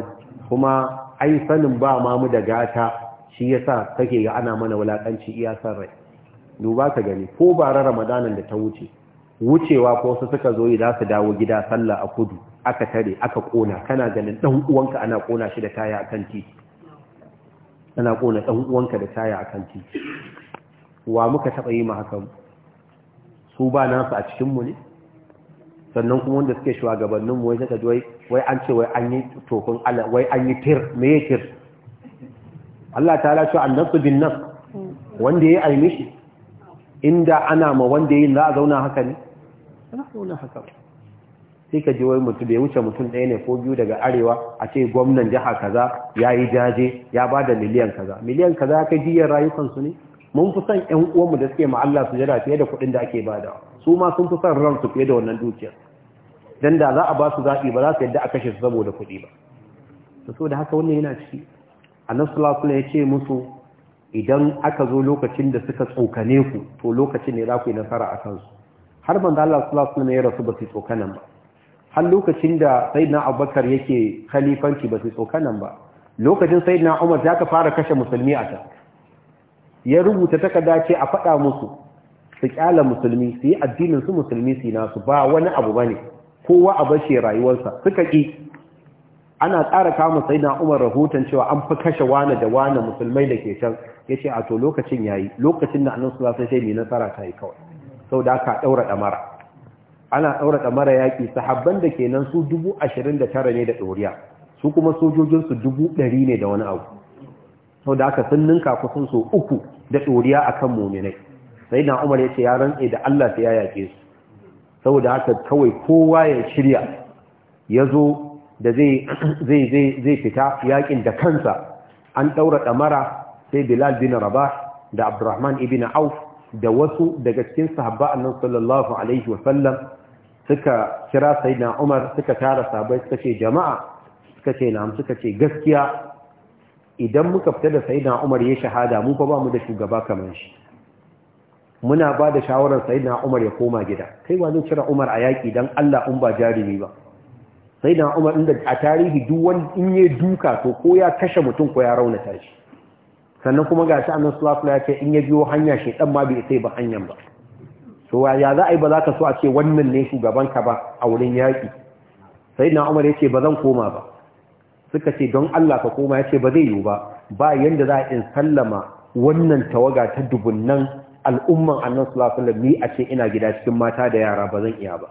kuma ai sanin ba ma mu da gata shi ya sa kake ga ana mana wulakanci iya san rai duba ka gani ko bara ramadanan da ta wuce wucewa ko wasu suka zo yi za su dawo gida sallah a kudu aka tare aka kona kana ganin ɗan uwanka ana kona shi da taya akan titi tana ƙona ɗan uwanka da taya kan titi wa muka taɓa yi ma hakan su ba nasu a cikinmu ne sannan kuma wanda suke shugabannin mu wai saka wai wai an ce wai an yi tokun ala wai an yi tir me yake tir Allah ta'ala shi annasu bin nan, wanda ya aimishi inda ana ma wanda yi za a zauna haka ne ana zauna haka sai ka ji wai mutum bai wuce mutum ɗaya ne ko biyu daga arewa a ce gwamnan jiha kaza ya yi jaje ya ba da miliyan kaza miliyan kaza kai jiyar rayukansu ne mun fi son ƴan uwanmu da suke ma su jira fiye da kuɗin da ake bada su ma sun fi son ransu fiye da wannan dukiyar dan da za a ba su zaɓi ba za su yadda a kashe su saboda kuɗi ba to so da haka wannan yana ciki annabi sallallahu alaihi ya ce musu idan aka zo lokacin da suka tsokane ku to lokacin ne za ku yi nasara a kansu har manzo Allah sallallahu alaihi wasallam ya rasu ba su tsokanan ba har lokacin da sayyidina abubakar yake khalifanci ba su tsokanan ba lokacin sayyidina umar za ka fara kashe musulmi a ta ya rubuta takarda ce a faɗa musu su kyala musulmi su yi addinin su musulmi su nasu ba wani abu ba ne, kowa a bashe rayuwarsa suka ƙi ana ƙara kama saina umar rahoton cewa an fi kashe wane da wane musulmai da ke can ce a to lokacin ya yi. lokacin da annabi sallallahu alaihi wasallam mai nasara ta yi kawai sau da aka ɗaura ɗamara ana ɗaura mara yaƙi sahabban da kenan su dubu ashirin da tara ne da ɗoriya su kuma sojojinsu dubu ɗari ne da wani abu sau da aka sun ninka kusan su uku da ɗoriya a kan muminai sai na umar ya ce ya rantse da allah ta ya yaƙe su da haka kawai kowa ya shirya ya zo da zai fita yaƙin da kansa an ɗaura ɗamara sai bilal bin Raba da abdurrahman ibn auf da wasu daga cikin sahabba annan sallallahu alaihi wasallam suka kira sayyidina Umar suka tara sabai suka ce jama'a suka ce na suka ce gaskiya idan muka fita da sayyidina Umar ya shahada mu fa ba mu da shugaba kamar shi muna ba da shawarar sayyidina Umar ya koma gida kai wani kira Umar a yaki dan Allah in ba jarumi ba sayyidina Umar inda a tarihi duk wani in yi duka to ko ya kashe mutum ko ya raunata shi sannan kuma ga shi sallallahu alaihi ya ce in ya biyo hanya shi, dan ma bai sai ba hanyan ba so ya za a yi ba za ka so a ce wannan ne ka ba a wurin yaki? sai na umar ya ce ba zan koma ba suka ce don Allah ka koma ya ce ba zai yiwu ba ba yadda za a in sallama wannan tawaga ta dubunnan al'umman annan sulasulun ni a ce ina gida cikin mata da yara ba zan iya ba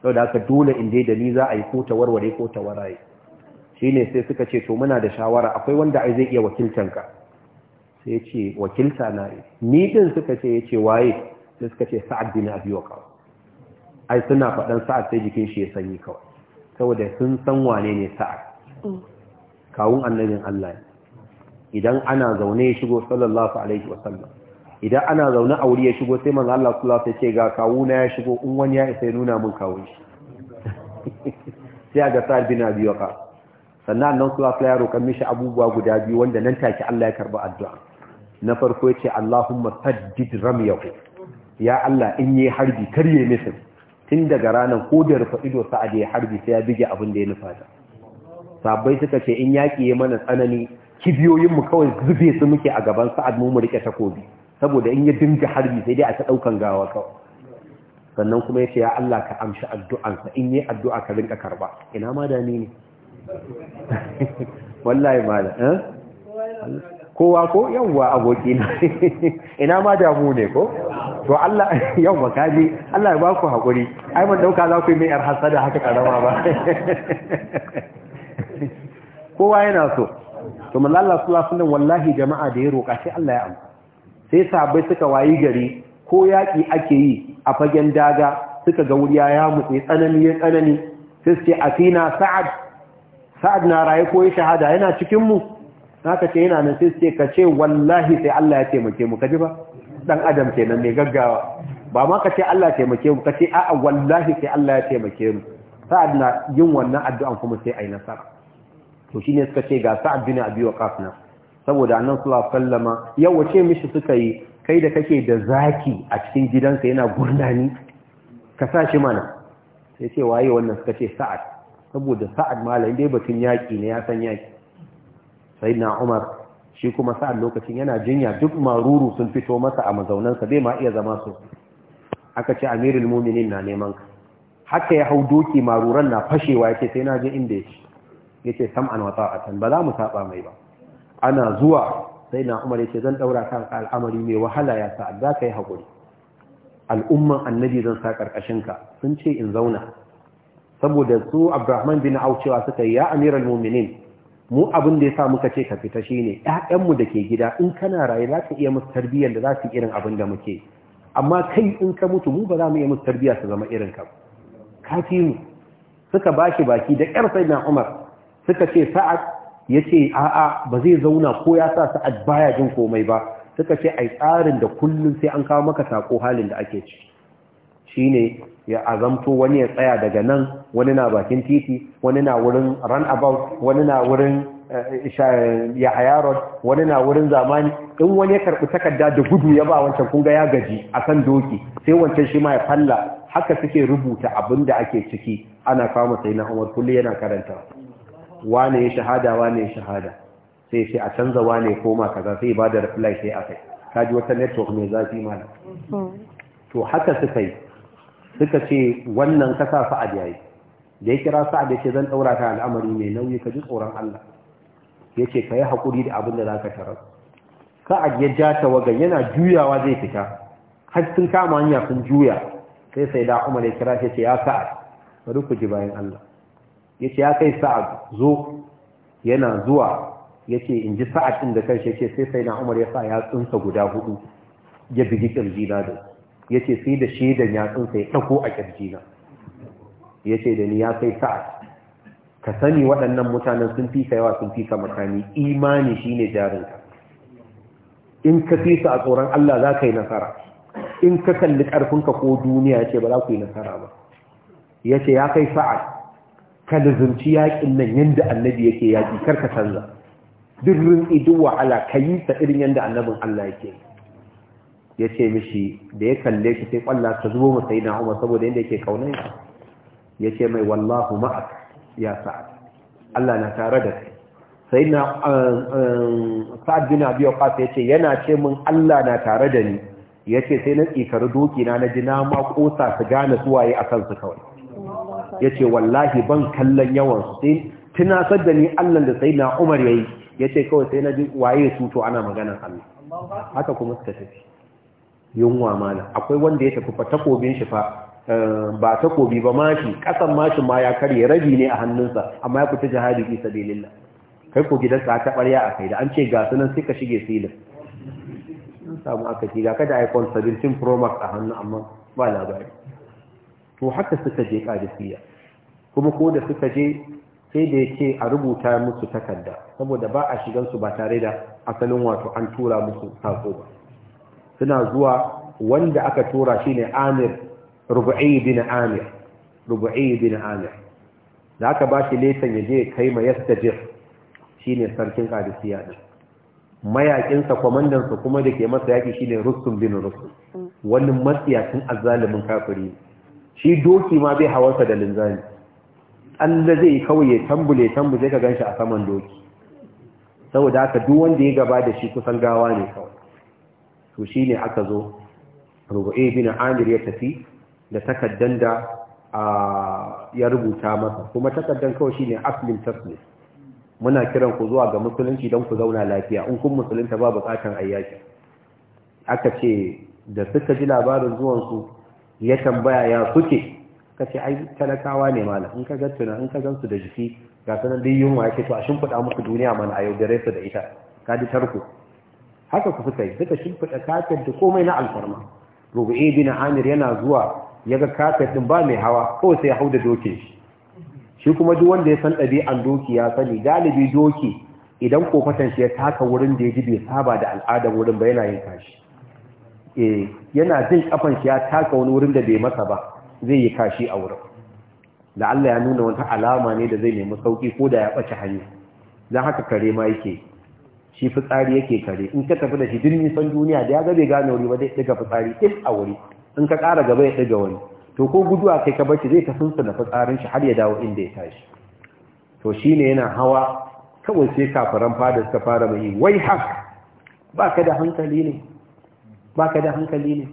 sau da aka dole inda da ni za a yi ko ta warware ko ta waraye shi ne sai suka ce to muna da shawara akwai wanda ai zai iya wakiltanka sai ce wakilta na ni din suka ce ya ce waye sai suka ce sa'ad bin abi waqas ai suna faɗan sa'ad sai jikin shi ya sanyi kawai saboda sun san wane ne sa'ad kawun annabin Allah idan ana zaune ya shigo sallallahu alaihi wasallam idan ana zaune a wuri ya shigo sai manzo Allah sallallahu alaihi ce ga kawuna ya shigo in wani ya isa ya nuna mun kawun shi sai ga sa'ad bin abi waqas sannan nan sallallahu ya roƙa mishi abubuwa guda biyu wanda nan take Allah ya karba addu'a na farko ce Allahumma saddid ramyahu ya Allah in yi harbi karye yi tun daga ranar ko da rufa ido sa'ad ya harbi sai ya bige abin da ya nufa ta sabbai suka ce in yaƙi ya mana tsanani kibiyoyinmu kawai zube su muke a gaban sa'ad mu rike takobi saboda in ya dinga harbi sai dai a ta ɗaukan gawa kawai sannan kuma ya ce ya Allah ka amshi addu'ansa in yi addu'a ka rinka karba ina ma da ni ne wallahi ma eh kowa ko yawwa aboki ina ma damu ne ko to Allah yawwa kaji Allah ya ba ku hakuri ai mun dauka za ku yi mai yar hasada haka karama ba kowa yana so to mun Allah sallallahu alaihi wallahi jama'a da ya roka sai Allah ya amsa sai sabai suka wayi gari ko yaki ake yi a fagen daga suka ga wuriya ya mutse tsanani ya tsanani sai su ce asina sa'ad sa'ad na raye ko ya shahada yana cikin mu haka ce yana nan sai ce ka ce wallahi sai Allah ya taimake mu kaji ba dan adam kenan mai gaggawa ba ma ka ce Allah ya taimake mu ka ce a'a wallahi sai Allah ya taimake mu sa'ad na yin wannan addu'an kuma sai ayi nasara to shine suka ce ga sa'ad bin abi waqas na saboda annabi sallallahu alaihi wasallama yau wace mishi suka yi kai da kake da zaki a cikin gidansa yana gurnani ka sa shi mana sai ce waye wannan suka ce sa'ad saboda sa'ad malamin dai batun yaki ne ya san yaki sayyidina Umar shi kuma sa'an lokacin yana jinya duk maruru sun fito masa a mazaunansa bai ma iya zama so aka ce amirul mu'minin na neman ka haka ya hau doki maruran na fashewa yake sai na je inda yake yace sam'an wa ta'atan ba za mu saba mai ba ana zuwa sai na umar yace zan daura kan al'amari mai wahala ya sa da kai hakuri al'umman annabi zan sa karkashin ka sun ce in zauna saboda su Abdurrahman bin cewa suka ya amiral mu'minin mu abin da ya sa muka ce ka fita shi ne 'ya'yanmu da ke gida in kana rayu za ka iya musu tarbiyyar da za su irin abin da muke amma kai in ka mutu mu ba za mu iya musu tarbiyyar su zama irin ka kafi mu suka bashi baki da ƴar saina Umar suka ce sa'ad ce a'a ba zai zauna ko ya sa sa'ad baya jin komai ba suka ce ai tsarin da kullum sai an kawo maka sako halin da ake ciki Shi ne ya azamto wani ya tsaya daga nan wani na bakin titi wani na wurin runabout wani na wurin eh, ya hayarod wani na wurin zamani in wani ya karɓi takarda da gudu ya ba wancan kunga ya gaji a kan doki sai wancan shi ma ya falla haka suke rubuta abin da ake ciki ana kama sai na umar kulle yana karanta wane ya shahada wane ya shahada sai sai a canza wane koma kaza sai ba da reply sai a kai kaji wata network mai zafi mana hmm. to haka suka yi suka ce wannan kasa sa'ad ya yi. da ya kira sa'ad ya ce zan daura ta al'amari mai nauyi ka ji tsoron Allah ya ce ka yi haƙuri da abin da za ka tarar sa'ad ya ja ta waga yana juyawa zai fita har sun kama hanya sun juya sai sai da umar ya kira ya ce ya sa'ad bari ku ji bayan Allah ya ce ya kai sa'ad zo yana zuwa ya ce in ji sa'ad ɗin da kanshi ya ce sai sai na umar ya sa ya tsinsa guda hudu ya bigi ƙirji na da su yace sai da shedan yatsun sai dako a kirjina yace da ni ya kai sa'ad ka sani waɗannan mutanen sun fi yawa sun fi ka makami imani shine jarinka in ka fi a tsoron Allah za ka yi nasara in ka kalli ƙarfinka ko duniya yace ba za ku yi nasara ba yace ya kai sa'ad ka lizumci yaƙin nan yadda annabi yake yaƙi kar ka canza duk rinƙi duk wahala ka yi ta irin yadda annabin Allah yake yi ya ce mishi da ya kalle shi sai kwalla ta zubo masa yana umar saboda yadda yake kaunar ya ce mai wallahu ma'ak ya sa'ad Allah na tare da kai sai na uh, um, sa'ad bin abi kasa ya ce yana ce min Allah na tare da ni ya ce sai na tsikar doki na na jina ma kosa su gane suwaye a kansu kawai ya ce wallahi ban kallon yawan su sai tunasar da ni Allah da sai na umar yi ya ce kawai sai na ji waye su to ana maganar Allah haka kuma suka tafi yunwa mana akwai wanda ya tafi fa takobin shi fa eh, ba takobi ba mashi kasan mashin ma ya karye rabi ne a hannunsa amma ya fita jihadi fi sabilillah kai ko gidansa ta barya a kai da an ce ga sunan sai ka shige filin an samu aka ci ga kada iPhone 17 Pro Max a hannu amma ba labari to haka suka je kadisiya kuma ko da suka je sai da yake a rubuta musu takarda saboda ba a shigan su ba tare da asalin wato an tura musu sako ba suna zuwa wanda aka tura shine Amir Rubu'i bin Amir Rubu'i bin Amir da aka bashi letan je kai ma Yastajir ne sarkin kadisiya din mayakinsa kwamandansa kuma da ke masa yaki ne Rustum bin Rustum wani matsiyacin azzalumin kafiri shi doki ma bai hawarsa da linzami Allah zai kawai ya tambule tambule ka shi a saman doki saboda aka duk wanda ya gaba da shi kusan gawa ne kawai to shine aka zo rubu'i bin amir ya tafi da takaddan da ya rubuta masa kuma takaddan kawai shine aslin taslim muna kiran ku zuwa ga musulunci don ku zauna lafiya in kun musulunta ba bukatan ayyaki aka ce da suka ji labarin zuwansu ya tambaya ya suke ka ce ai talakawa ne mala in ka in ka gansu da jiki ga sanar da yunwa yake to a shimfiɗa musu duniya mana a yaudare su da ita ka ji tarko haka ku suka yi suka shimfiɗa kafet da komai na alfarma rubu'i na amir yana zuwa ya ga kafet ɗin ba mai hawa kawai sai ya hau da dokin shi shi kuma duk wanda ya san ɗabi'an doki ya sani galibi doki idan kofatan shi ya taka wurin da ya ji bai saba da al'adar wurin ba yana yin kashi e yana jin kafan shi ya taka wani wurin da bai masa ba zai yi kashi a wurin da Allah ya nuna wata alama ne da zai nemi sauki ko da ya ɓace hanya don haka kare ma yake shi fitsari yake kare in ka tafi da shi duk nisan duniya da ya ga bai gane wuri ba zai ɗiga fitsari ɗin a wuri in ka ƙara gaba ya ɗiga wani to ko guduwa kai ka barci zai ka sunsa na fitsarin shi har ya dawo inda ya tashi to shi ne yana hawa kawai sai kafaran fada suka fara mai wai haka ba ka da hankali ne ba ka da hankali ne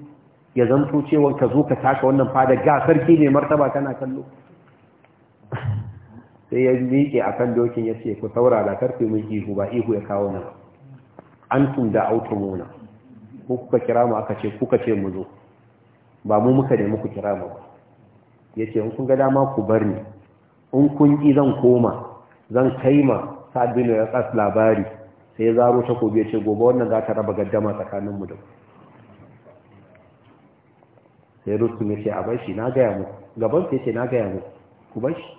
ya zanto cewa ka zo ka taka wannan fadar ga sarki ne martaba kana kallo sai ya miƙe a kan dokin ya ce ku da karfe mun ihu ba ihu ya kawo nan an tun da automuna ko kuka kira mu aka ce kuka ce mu zo ba mu muka nemi ku kira mu ba ya ce in kun ga dama ku bar ni in kun ƙi zan koma zan kai ma sabino ya tsas labari sai ya zaro takobi ya ce gobe wannan za ta raba gaddama mu da ku sai rusu ya ce a bar shi na gaya mu gaban sai ce na gaya mu ku bar shi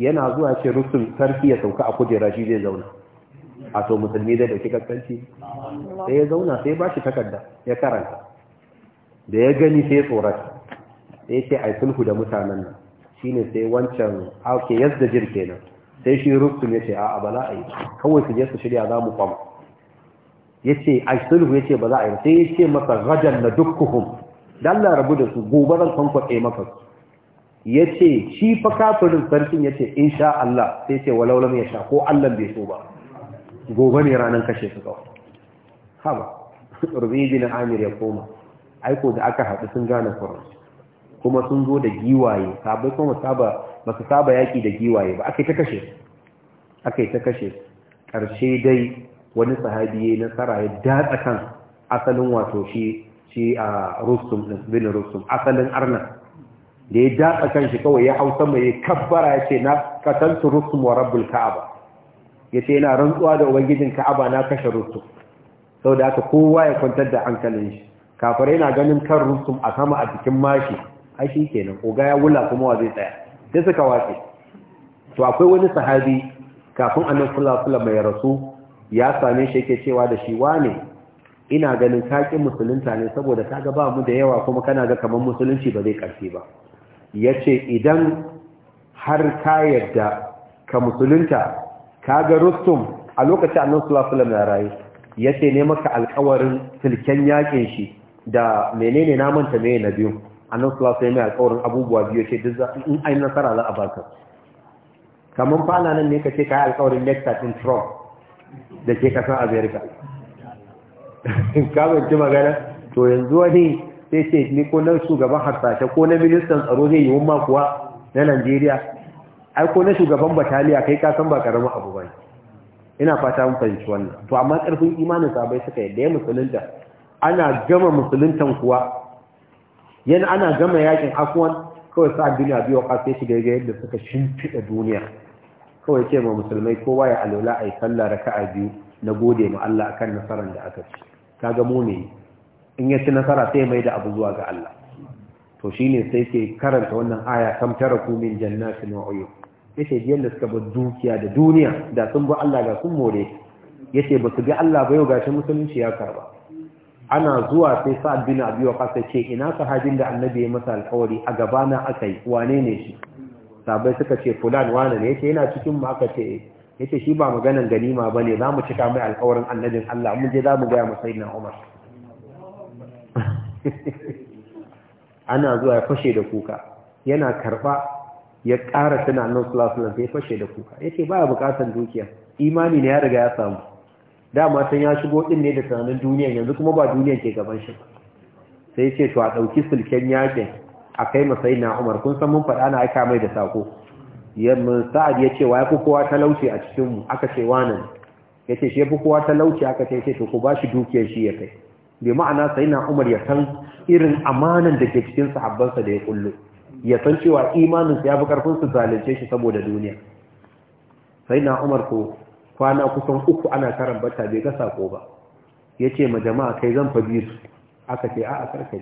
yana zuwa ce rusul sarki ya sauka a kujera shi zai zauna a to musulmi zai dauki kaskanci sai ya zauna sai ba shi takarda ya karanta da ya gani sai tsorata sai ya ce ai sulhu da mutanen nan ne sai wancan auke ah, yadda jirke kenan sai shi rustum ya ce a ba a yi kawai su je su shirya za mu kwam ya ce a sulhu ya ce ba za a yi sai ya ce masa rajan na duk dukkuhum dan larabu da su gobe zan kwankwaɗe maka ya ce shi fa kafirin sarkin ya ce in sha Allah sai ce walaulam ya sha ko Allah bai so ba gobe ne ranar kashe su kawai haba rubi na amir ya koma aiko da aka haɗu sun gane kuran kuma sun zo da giwaye sabai kuma saba ba su saba yaƙi da giwaye ba aka yi ta kashe aka yi ta kashe ƙarshe dai wani sahabi ya nasara ya datsa kan asalin wato shi a rustum ɗin bin rustum asalin arna da ya kan kanshi kawai ya hau sama ya kabbara ya ce na katantu rusu wa rabbul ka'aba ya ce yana rantsuwa da ubangijin ka'aba na kashe rusu sau da aka kowa ya kwantar da hankalin shi Kafare yana ganin kan rusu a sama a cikin mashi a shi kenan oga ya wula kuma wa zai tsaya sai suka wace to akwai wani sahabi kafin annan sallallahu alaihi mai rasu ya same shi yake cewa da shi wane ina ganin kaƙin musulunta ne saboda kaga ba mu da yawa kuma kana ga kamar musulunci ba zai ƙarfi ba ya ce idan har ka yadda ka musulunta ka ga rustum a lokacin annan sulasulam na rayu ya ce ne maka alkawarin silken yakin shi da menene namanta mai na biyu annan sulasulam ya alkawarin abubuwa biyu ce duk in ayin nasara za a baka kamar fana nan ne ka ce ka yi alkawarin lecta in trump da ke kasar america ka ci magana to yanzu wani sai ce ni ko na shugaban harsashe ko na ministan tsaro zai yi wumma kuwa na Najeriya ai ko na shugaban bataliya kai ka san ba karamin abu ba ina fata mun fahimci wannan to amma karfin imanin sabai suka yadda ya musulunta ana gama musuluntan kuwa yana ana gama yakin afwan kawai sa duniya biyo ka sai shiga ga yadda suka shimfida duniya kawai ce ma musulmai kowa ya alwala ai sallah raka'a biyu na gode ma Allah akan nasaran da aka ci kaga mu ne in ya ci nasara sai mai da abu zuwa ga Allah to shine sai ke karanta wannan aya kam taraku min jannatin wa uyun yace da suka bar dukiya da duniya da sun bi Allah ga sun more yace ba su ga Allah ba yau shi musulunci ya karba ana zuwa sai Sa'ad bin Abi Waqqas ce ina sahabin da Annabi ya masa alƙawari a gabana yi, wane ne shi sabai suka ce fulan wane ne ce yana cikin mu aka ce shi ba maganan ganima ba Za zamu cika mai alƙawarin Annabin Allah mun je zamu gaya mu na Umar ana zuwa ya fashe da kuka yana karba ya ƙara tunanin nan sulasulan sai ya fashe da kuka ya ce ba ya bukatar dukiya imani ne ya riga ya samu dama sun ya shigo ɗin ne da tunanin duniyan yanzu kuma ba duniya ke gaban shi sai ce to a ɗauki sulken yakin a kai masai na umar kun san mun faɗa na aika mai da sako yamma sa'ad ya ce wa ya fi kowa talauci a cikinmu aka ce wanan ya ce shi ya fi kowa talauci aka ce to ku ba shi dukiyar shi ya kai bai ma'ana sai na umar ya san irin amanan da ke cikin sahabbansa da ya kullu ya san cewa imaninsa ya fi karfin su zalunce shi saboda duniya sai na umar ko kwana kusan uku ana karan bata bai ga sako ba ya ce ma jama'a kai zan fa biyu aka ce a a karkai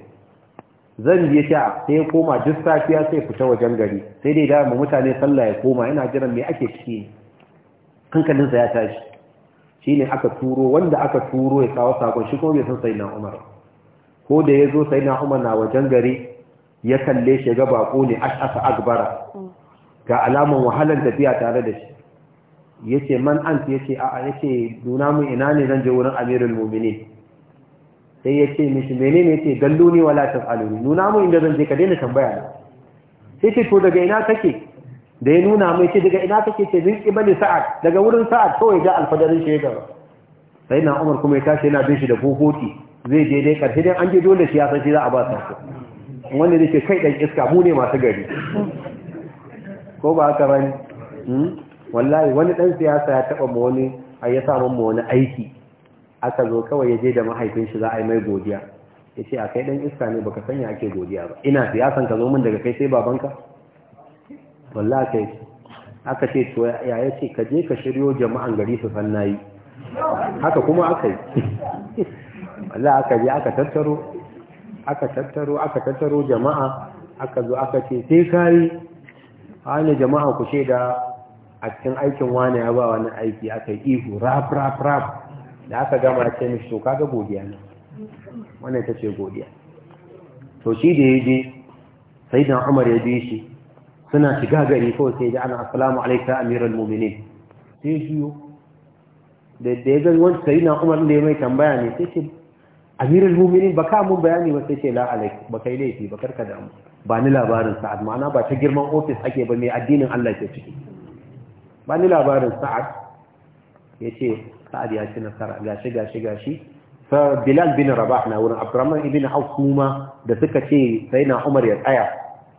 zan biya ta sai ya koma duk safiya sai fita wajen gari sai dai da mutane sallah ya koma yana jiran me ake ciki hankalinsa ya tashi Shi ne aka turo wanda aka turo ya kawo sakon shi kuma bai san na Umar ko da ya zo sai na Umar na wajen gari ya kalle shi ga bako ne ash'asa akbara ga alaman wahalar tafiya tare da shi yace man ant yace a'a yace nuna mu ina ne zan je wurin amirul mu'minin sai yace mishi menene yace gallo ne wala tafalu nuna mu inda zan je ka daina tambaya sai ce to daga ina kake da ya nuna mai ce daga ina kake ce zin ibali sa'ad daga wurin sa'ad kawai ga alfadarin shi ya gaba sai na umar kuma ya tashi yana bin shi da kokoti zai je dai karshe dan an je dole shi ya san shi za a ba sa wanda yake kai dan iska mu ne masu gari ko ba haka bane hmm? wallahi wani dan siyasa ya taba mu wani a ya samu mu wani aiki aka zo kawai ya je da mahaifin shi za a yi mai godiya ya ce a kai dan iska ne baka sanya ake godiya ba ina siyasan ka zo min daga kai sai babanka wallah kai aka ce to ya yace ka je ka shiryo jama'an gari su san haka kuma aka yi aka je aka tattaro aka tattaro aka tattaro jama'a aka zo aka ce sai kai hanya jama'a ku da a cikin aikin wani ya ba wani aiki aka yi ihu rap rap rap da aka gama ce mishi so kaga godiya ne wannan ta ce godiya to shi da ya je sai dan umar ya bi shi suna shiga gari kawai sai ji ana assalamu alaika amiral mu'minin sai shiyo da ya ga wani sai na umar da ya mai tambaya ne sai ce amiral mu'minin ba ka mun bayani ba sai ce la alaik ba kai laifi ba karka da mu ba ni labarin sa'ad ma'ana ba ta girman ofis ake ba mai addinin Allah ke ciki ba ni labarin sa'ad yace sa'ad ya ci nasara gashi gashi gashi fa bilal bin rabah na wurin abdurrahman ibn auf kuma da suka ce sai na umar ya tsaya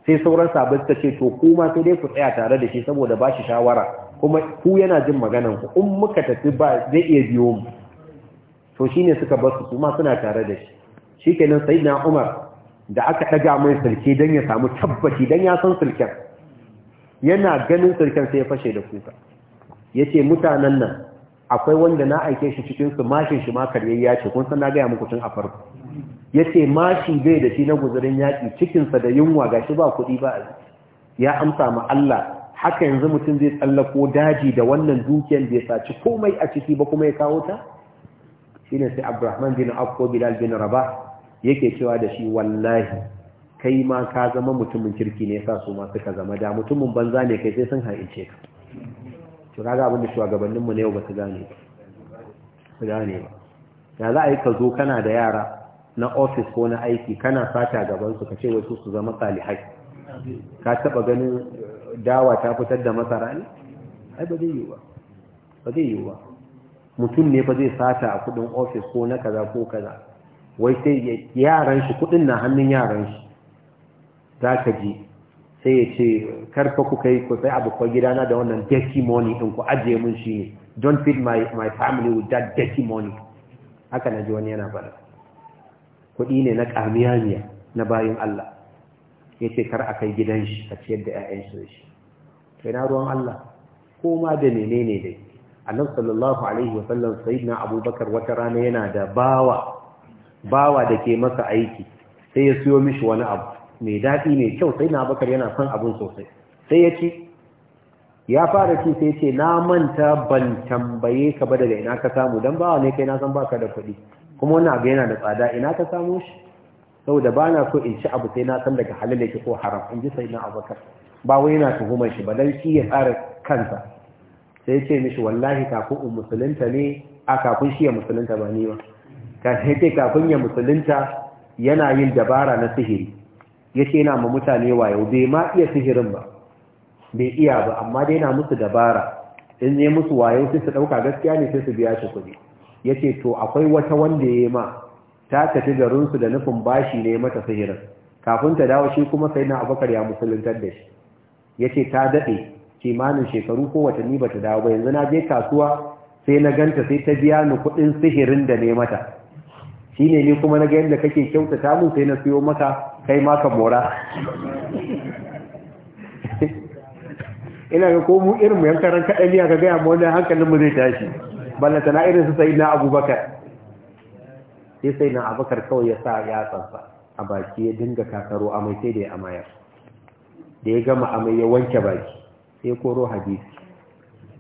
sai sauran sahabbai suka ce to kuma sai dai ku tsaya tare da shi saboda ba shi shawara kuma ku yana jin maganan ku in muka tafi ba zai iya biyo mu to shine suka bar su kuma suna tare da shi shikenan sayyidina Umar da aka daga mai sulke dan ya samu tabbaci dan ya san sulken yana ganin sulken sai ya fashe da kuka yace mutanen nan akwai wanda na aike shi cikin su mashin shi ma karyayya ce kun san na gaya muku tun a farko yace mashi bai da shi na guzurin yaki cikin sa da yunwa gashi ba kuɗi ba ya amsa ma Allah haka yanzu mutum zai tsallako daji da wannan dukiyar da ya saci komai a ciki ba kuma ya kawo ta shine sai Abdurrahman bin afko Bilal bin Rabah yake cewa da shi wallahi kai ma ka zama mutumin kirki ne yasa su ma suka zama da mutumin banza ne kai sai sun haice ka to ga abin da shugabannin mu ne ba su gane ba su gane ba ya za a yi ka zo kana da yara na ofis ko na aiki kana sata gaban su ka ce wai su su zama salihai ka taba ganin dawa ta fitar da masara ne ai ba zai yi ba ba zai yi ba mutum ne ba zai sata a kudin ofis ko na kaza ko kaza wai sai yaran shi kudin na hannun yaran shi za ka ji sai ya ce karfa ku kai ku sai abu gidana da wannan dirty money din ku ajiye mun shi ne don't feed my my family with that dirty money haka ji wani yana fara kuɗi ne na ƙamiyaniya na bayin Allah Ya ce kar a kai gidan shi a ciyar da 'ya'yan shi shi kai na ruwan Allah ko ma da menene dai nan sallallahu alaihi wa sallam sayyidina abubakar wata rana yana da bawa bawa da ke masa aiki sai ya siyo mishi wani abu mai daɗi mai kyau sai na bakar yana son abin sosai sai ya ci ya fara ci sai ce na manta ban tambaye ka ba daga ina ka samu don bawa ne kai na san baka da kuɗi kuma wani abu yana da tsada ina ka samu shi saboda ba na so in ci abu sai na san daga halal yake ko haram in ji sai na abokan ba wai yana tuhumar shi ba don shi ya tsara kansa sai ce mishi wallahi kafin in musulunta ne a kafin shi ya musulunta ba ni ba kafin ya musulunta yana yin dabara na sihiri ya ce yana ma mutane wayo bai ma iya sihirin ba bai iya ba amma dai yana musu dabara in ne musu wayo sai su ɗauka gaskiya ne sai su biya shi kuɗi ya ce to akwai wata wanda ya yi ma ta tafi garinsu da nufin bashi ne mata sihirin kafin ta dawo shi kuma sai na abakar ya musuluntar da shi ya ce ta daɗe kimanin shekaru ko watanni ba dawo ba yanzu na je kasuwa sai na ganta sai ta biya ni kuɗin sihirin da ne mata ne ne kuma na naga yadda kake kyauta mun sai na siyo maka kai ma ka mora ina ga ko mu irin mu yan karan kaɗan ya ga gaya ma wannan hankalin mu zai tashi balla tana irin su sai na abubakar sai sai na abubakar kawai ya sa ya tsansa a baki ya dinga kakaro amai sai da ya amayar da ya gama amai ya wanke baki sai koro hadisi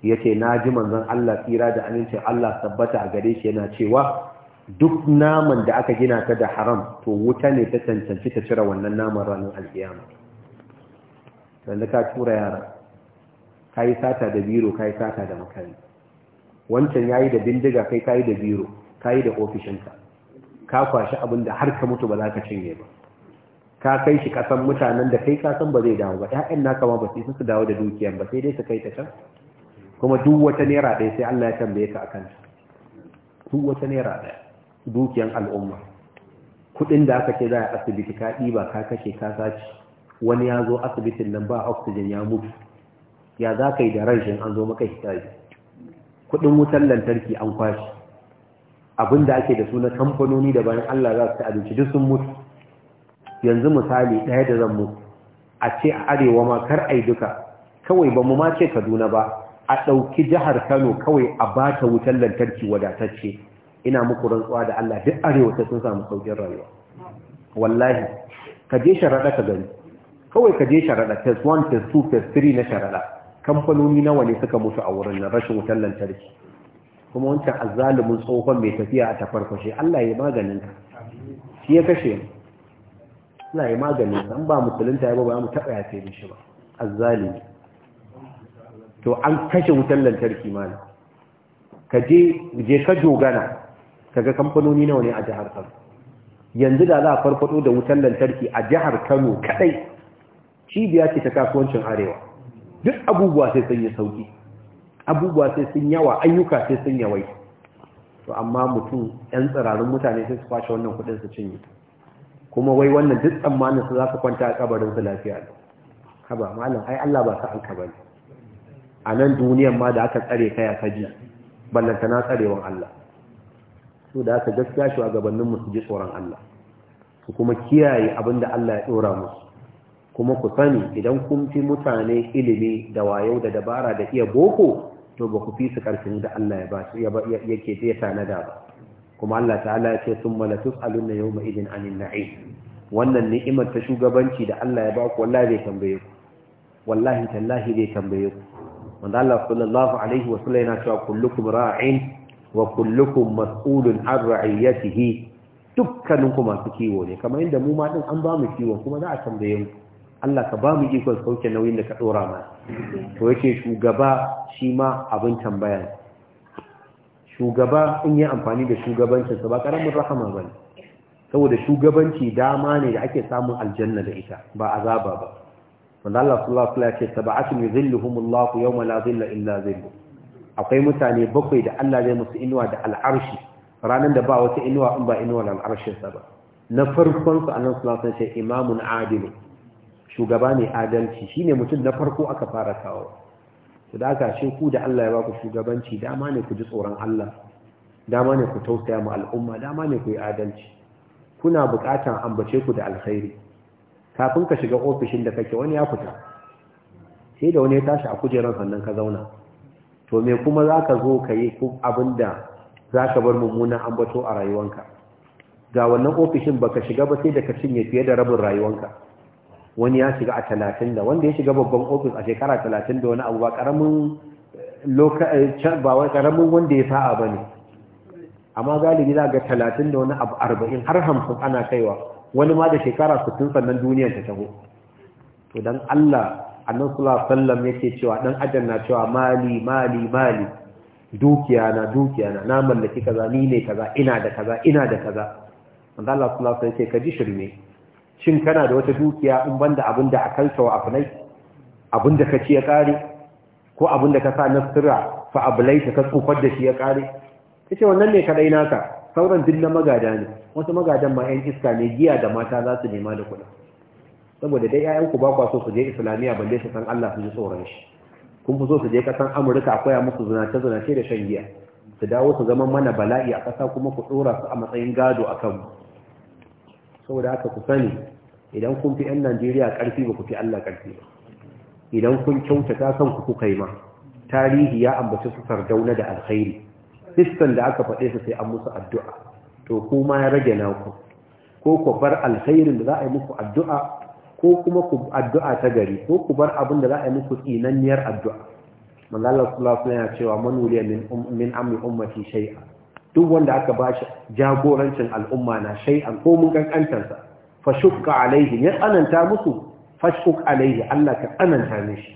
ya ce na ji manzan Allah tsira da amincin Allah tabbata a gare shi yana cewa duk naman da aka gina ta da haram to wuta ne ta cancanci ta cire wannan naman ranar alkiyama wanda ka tura yara ka yi sata da biro ka yi sata da makari wancan ya yi da bindiga kai ka yi da biro ka yi da ofishinka ka kwashi abin da har ka mutu ba za ka cinye ba ka kai shi kasan mutanen da kai kasan ba zai dawo ba ƴaƴan naka ma ba su isa su dawo da dukiyan ba sai dai su kai ta can kuma duk wata naira ɗaya sai Allah ya tambaye ka akan duk wata naira ɗaya dukiyan al'umma kudin da aka ce za a asibiti ka ɗiba ka kashe ka sace wani ya zo asibitin nan ba oxygen ya mutu ya za ka yi da ranshin an zo maka hisabi kudin wutar lantarki an kwashe. abin da ake da su na kamfanoni da bayan Allah za su ta abinci duk sun mutu yanzu misali ɗaya da zan mutu a ce a arewa ma kar ai duka kawai ba mu ma ce kaduna ba a ɗauki jihar kano kawai a ba ta wutar lantarki wadatacce ina muku rantsuwa da Allah duk arewa sun samu saukin rayuwa wallahi ka je sharaɗa ka gani kawai ka je sharaɗa test 1 test 2 test 3 na sharaɗa kamfanoni nawa ne suka mutu a wurin nan rashin wutar lantarki kuma wancan azzalumin tsohon mai tafiya a tafarkwashe Allah ya maganin ka shi ya kashe mu Allah ya maganin ka ba musulunta ya ba ba mu taɓa ya sai ba azzalimi to an kashe wutar lantarki mana ka je ka dogana kaga kamfanoni nawa ne a jihar Kano yanzu da za a farfado da wutan lantarki a jihar Kano kadai cibiya ce ta kasuwancin arewa duk abubuwa sai sun yi sauki abubuwa sai sun yawa ayyuka sai sun yawai to amma mutum yan tsirarin mutane sai su kwashe wannan kudin su cinye kuma wai wannan duk tsammanin su za su kwanta a kabarin su lafiya ne haba malam ai Allah ba sa an bane a nan duniyan ma da aka tsare kai a kaji ballantana tsarewan Allah so da aka gaskiya a mu su ji tsoron Allah su kuma kiyaye abin da Allah ya dora musu kuma ku sani idan kun fi mutane ilimi da wayo da dabara da iya boko to ba ku fi su karfin da Allah ya ba su yake ya tanada ba kuma Allah ta'ala ya ce summa la tus'aluna yawma idin anin na'i wannan ni'imar ta shugabanci da Allah ya ba ku wallahi zai tambaye ku wallahi tallahi zai tambaye ku wanda Allah sallallahu alaihi wa sallam yana cewa kullukum ra'in wa kullukum mas'ulun an ra'iyatihi dukkaninku masu kiwo ne kamar inda mu ma din an ba mu kiwon kuma za a tambaye mu Allah ka ba mu ikon sauke nauyin da ka dora ma to yake shugaba shi ma abin tambaya shugaba in yi amfani da shugabancinsa ba karamin rahama ne saboda shugabanci dama ne da ake samun aljanna da ita ba azaba ba wanda Allah sallallahu alaihi wasallam ya ce sab'atun yuzilluhumullahu yawma la zilla illa zilluh akwai mutane bakwai da Allah zai musu inuwa da al'arshi ranar da ba wata inuwa in ba inuwa da sa ba na farkon su annan san shi imamun adil shugaba ne adalci shine mutum na farko aka fara kawo su da aka shi ku da Allah ya baku shugabanci dama ne ku ji tsoron Allah dama ne ku tausaya mu al'umma dama ne ku yi adalci kuna buƙatar ambace ku da alkhairi kafin ka shiga ofishin da kake wani ya fita sai da wani ya tashi a kujerar sannan ka zauna to me kuma za ka zo ka yi abin da za ka bar mummunan ambato a rayuwanka ga wannan ofishin ba ka shiga ba sai da ka cinye fiye da rabin rayuwanka wani ya shiga a talatin da wanda ya shiga babban ofis a shekara talatin da wani abu ba karamin eh, wanda ya sa'a ba ne amma galibi za ga talatin da wani abu arba'in har hamsin ana kaiwa wani ma da shekara sittin sannan duniyar ta taho to don allah alaihi wasallam yake cewa dan adam na cewa mali mali mali dukiya na dukiya na na mallaki kaza ni ne kaza ina da kaza ina da kaza wanda Allah wasallam yake kaji shirme shin kana da wata dukiya in banda abin da akalta wa afnai abin da ka ci ya kare ko abin da ka sa na sirra fa ta ka tsufar da shi ya kare kace wannan ne kadai naka sauran duk na magada ne wasu magadan ma yan iska ne giya da mata za su nema da kuɗin saboda dai ƴaƴanku ba kwa so su je islamiyya balle su san Allah su ji tsoron shi kun fi so su je kasan Amurka a musu zinace zinace da shan giya su dawo su zama mana bala'i a ƙasa kuma ku ɗora su a matsayin gado a kanmu saboda haka ku sani idan kun fi 'yan Najeriya ƙarfi ba ku fi Allah ƙarfi ba idan kun kyautata kanku kuka yi ma tarihi ya ambaci su sardauna da alkhairi fiskan da aka faɗe su sai an musu addu'a to kuma ya rage naku ko ku bar alkhairin da za a yi muku addu'a ko kuma ku addu'a ta gari ko ku bar abin da za a yi muku tsinanniyar addu'a manzala sallallahu alaihi cewa man min um, min amri ummati shay'a duk wanda aka ba shi jagorancin al'umma na shay'an ko mun kankantar fa shukka alaihi ya tsananta musu fashuk alaihi Allah ka tsananta mishi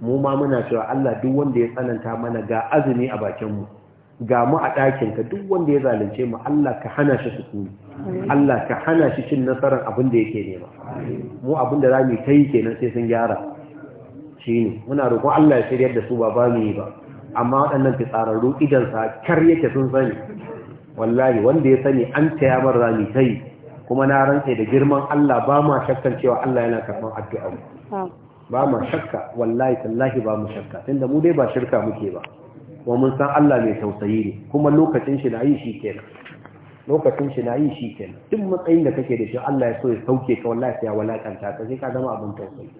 mu ma muna cewa Allah duk wanda ya tsananta mana ga azumi a bakin mu ga mu a ɗakinka duk wanda ya zalunce mu Allah ka hana shi sukuni Allah ka hana shi cin nasarar abin da yake nema mu abin da za mu ta yi kenan sai sun gyara shi ne muna roƙon Allah ya shiryar da su ba ba mu yi ba amma waɗannan fitsararru idan sa kar yake sun sani wallahi wanda ya sani an taya mar za mu ta yi kuma na rantse da girman Allah ba ma shakkan cewa Allah yana karɓar addu'a ba ma shakka wallahi tallahi ba mu shakka tunda mu dai ba shirka muke ba wa mun san Allah mai tausayi ne kuma lokacin shi na yi shi kenan lokacin shi na yi shi kenan duk matsayin da kake da shi Allah ya so ya sauke ka wallahi sai ya walakanta ka sai ka zama abin tausayi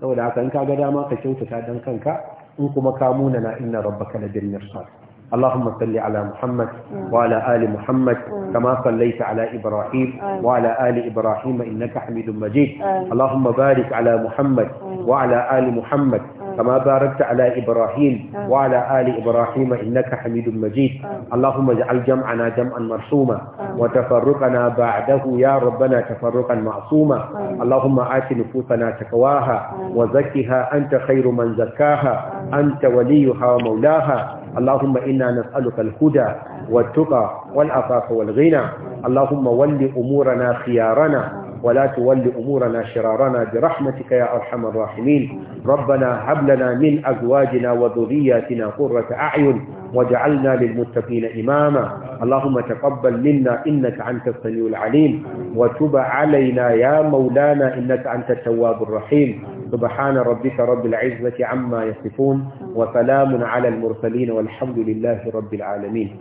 saboda haka in ka ga dama ka kyautata dan kanka in kuma ka muna na inna rabbaka labil mirsad اللهم صل على محمد وعلى آل محمد كما صليت على إبراهيم وعلى آل إبراهيم إنك حميد مجيد اللهم بارك على محمد وعلى آل محمد كما باركت على إبراهيم وعلى آل إبراهيم إنك حميد مجيد اللهم اجعل جمعنا جمعا مرسوما وتفرقنا بعده يا ربنا تفرقا معصوما اللهم آت نفوسنا تقواها وزكها أنت خير من زكاها أنت وليها ومولاها اللهم إنا نسألك الهدى والتقى والعفاف والغنى اللهم ول أمورنا خيارنا ولا تول أمورنا شرارنا برحمتك يا أرحم الراحمين ربنا هب لنا من أزواجنا وذرياتنا قرة أعين واجعلنا للمتقين إماما اللهم تقبل منا إنك أنت السميع العليم وتب علينا يا مولانا إنك أنت التواب الرحيم سبحان ربك رب العزة عما يصفون وسلام على المرسلين والحمد لله رب العالمين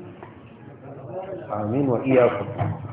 آمين وإياكم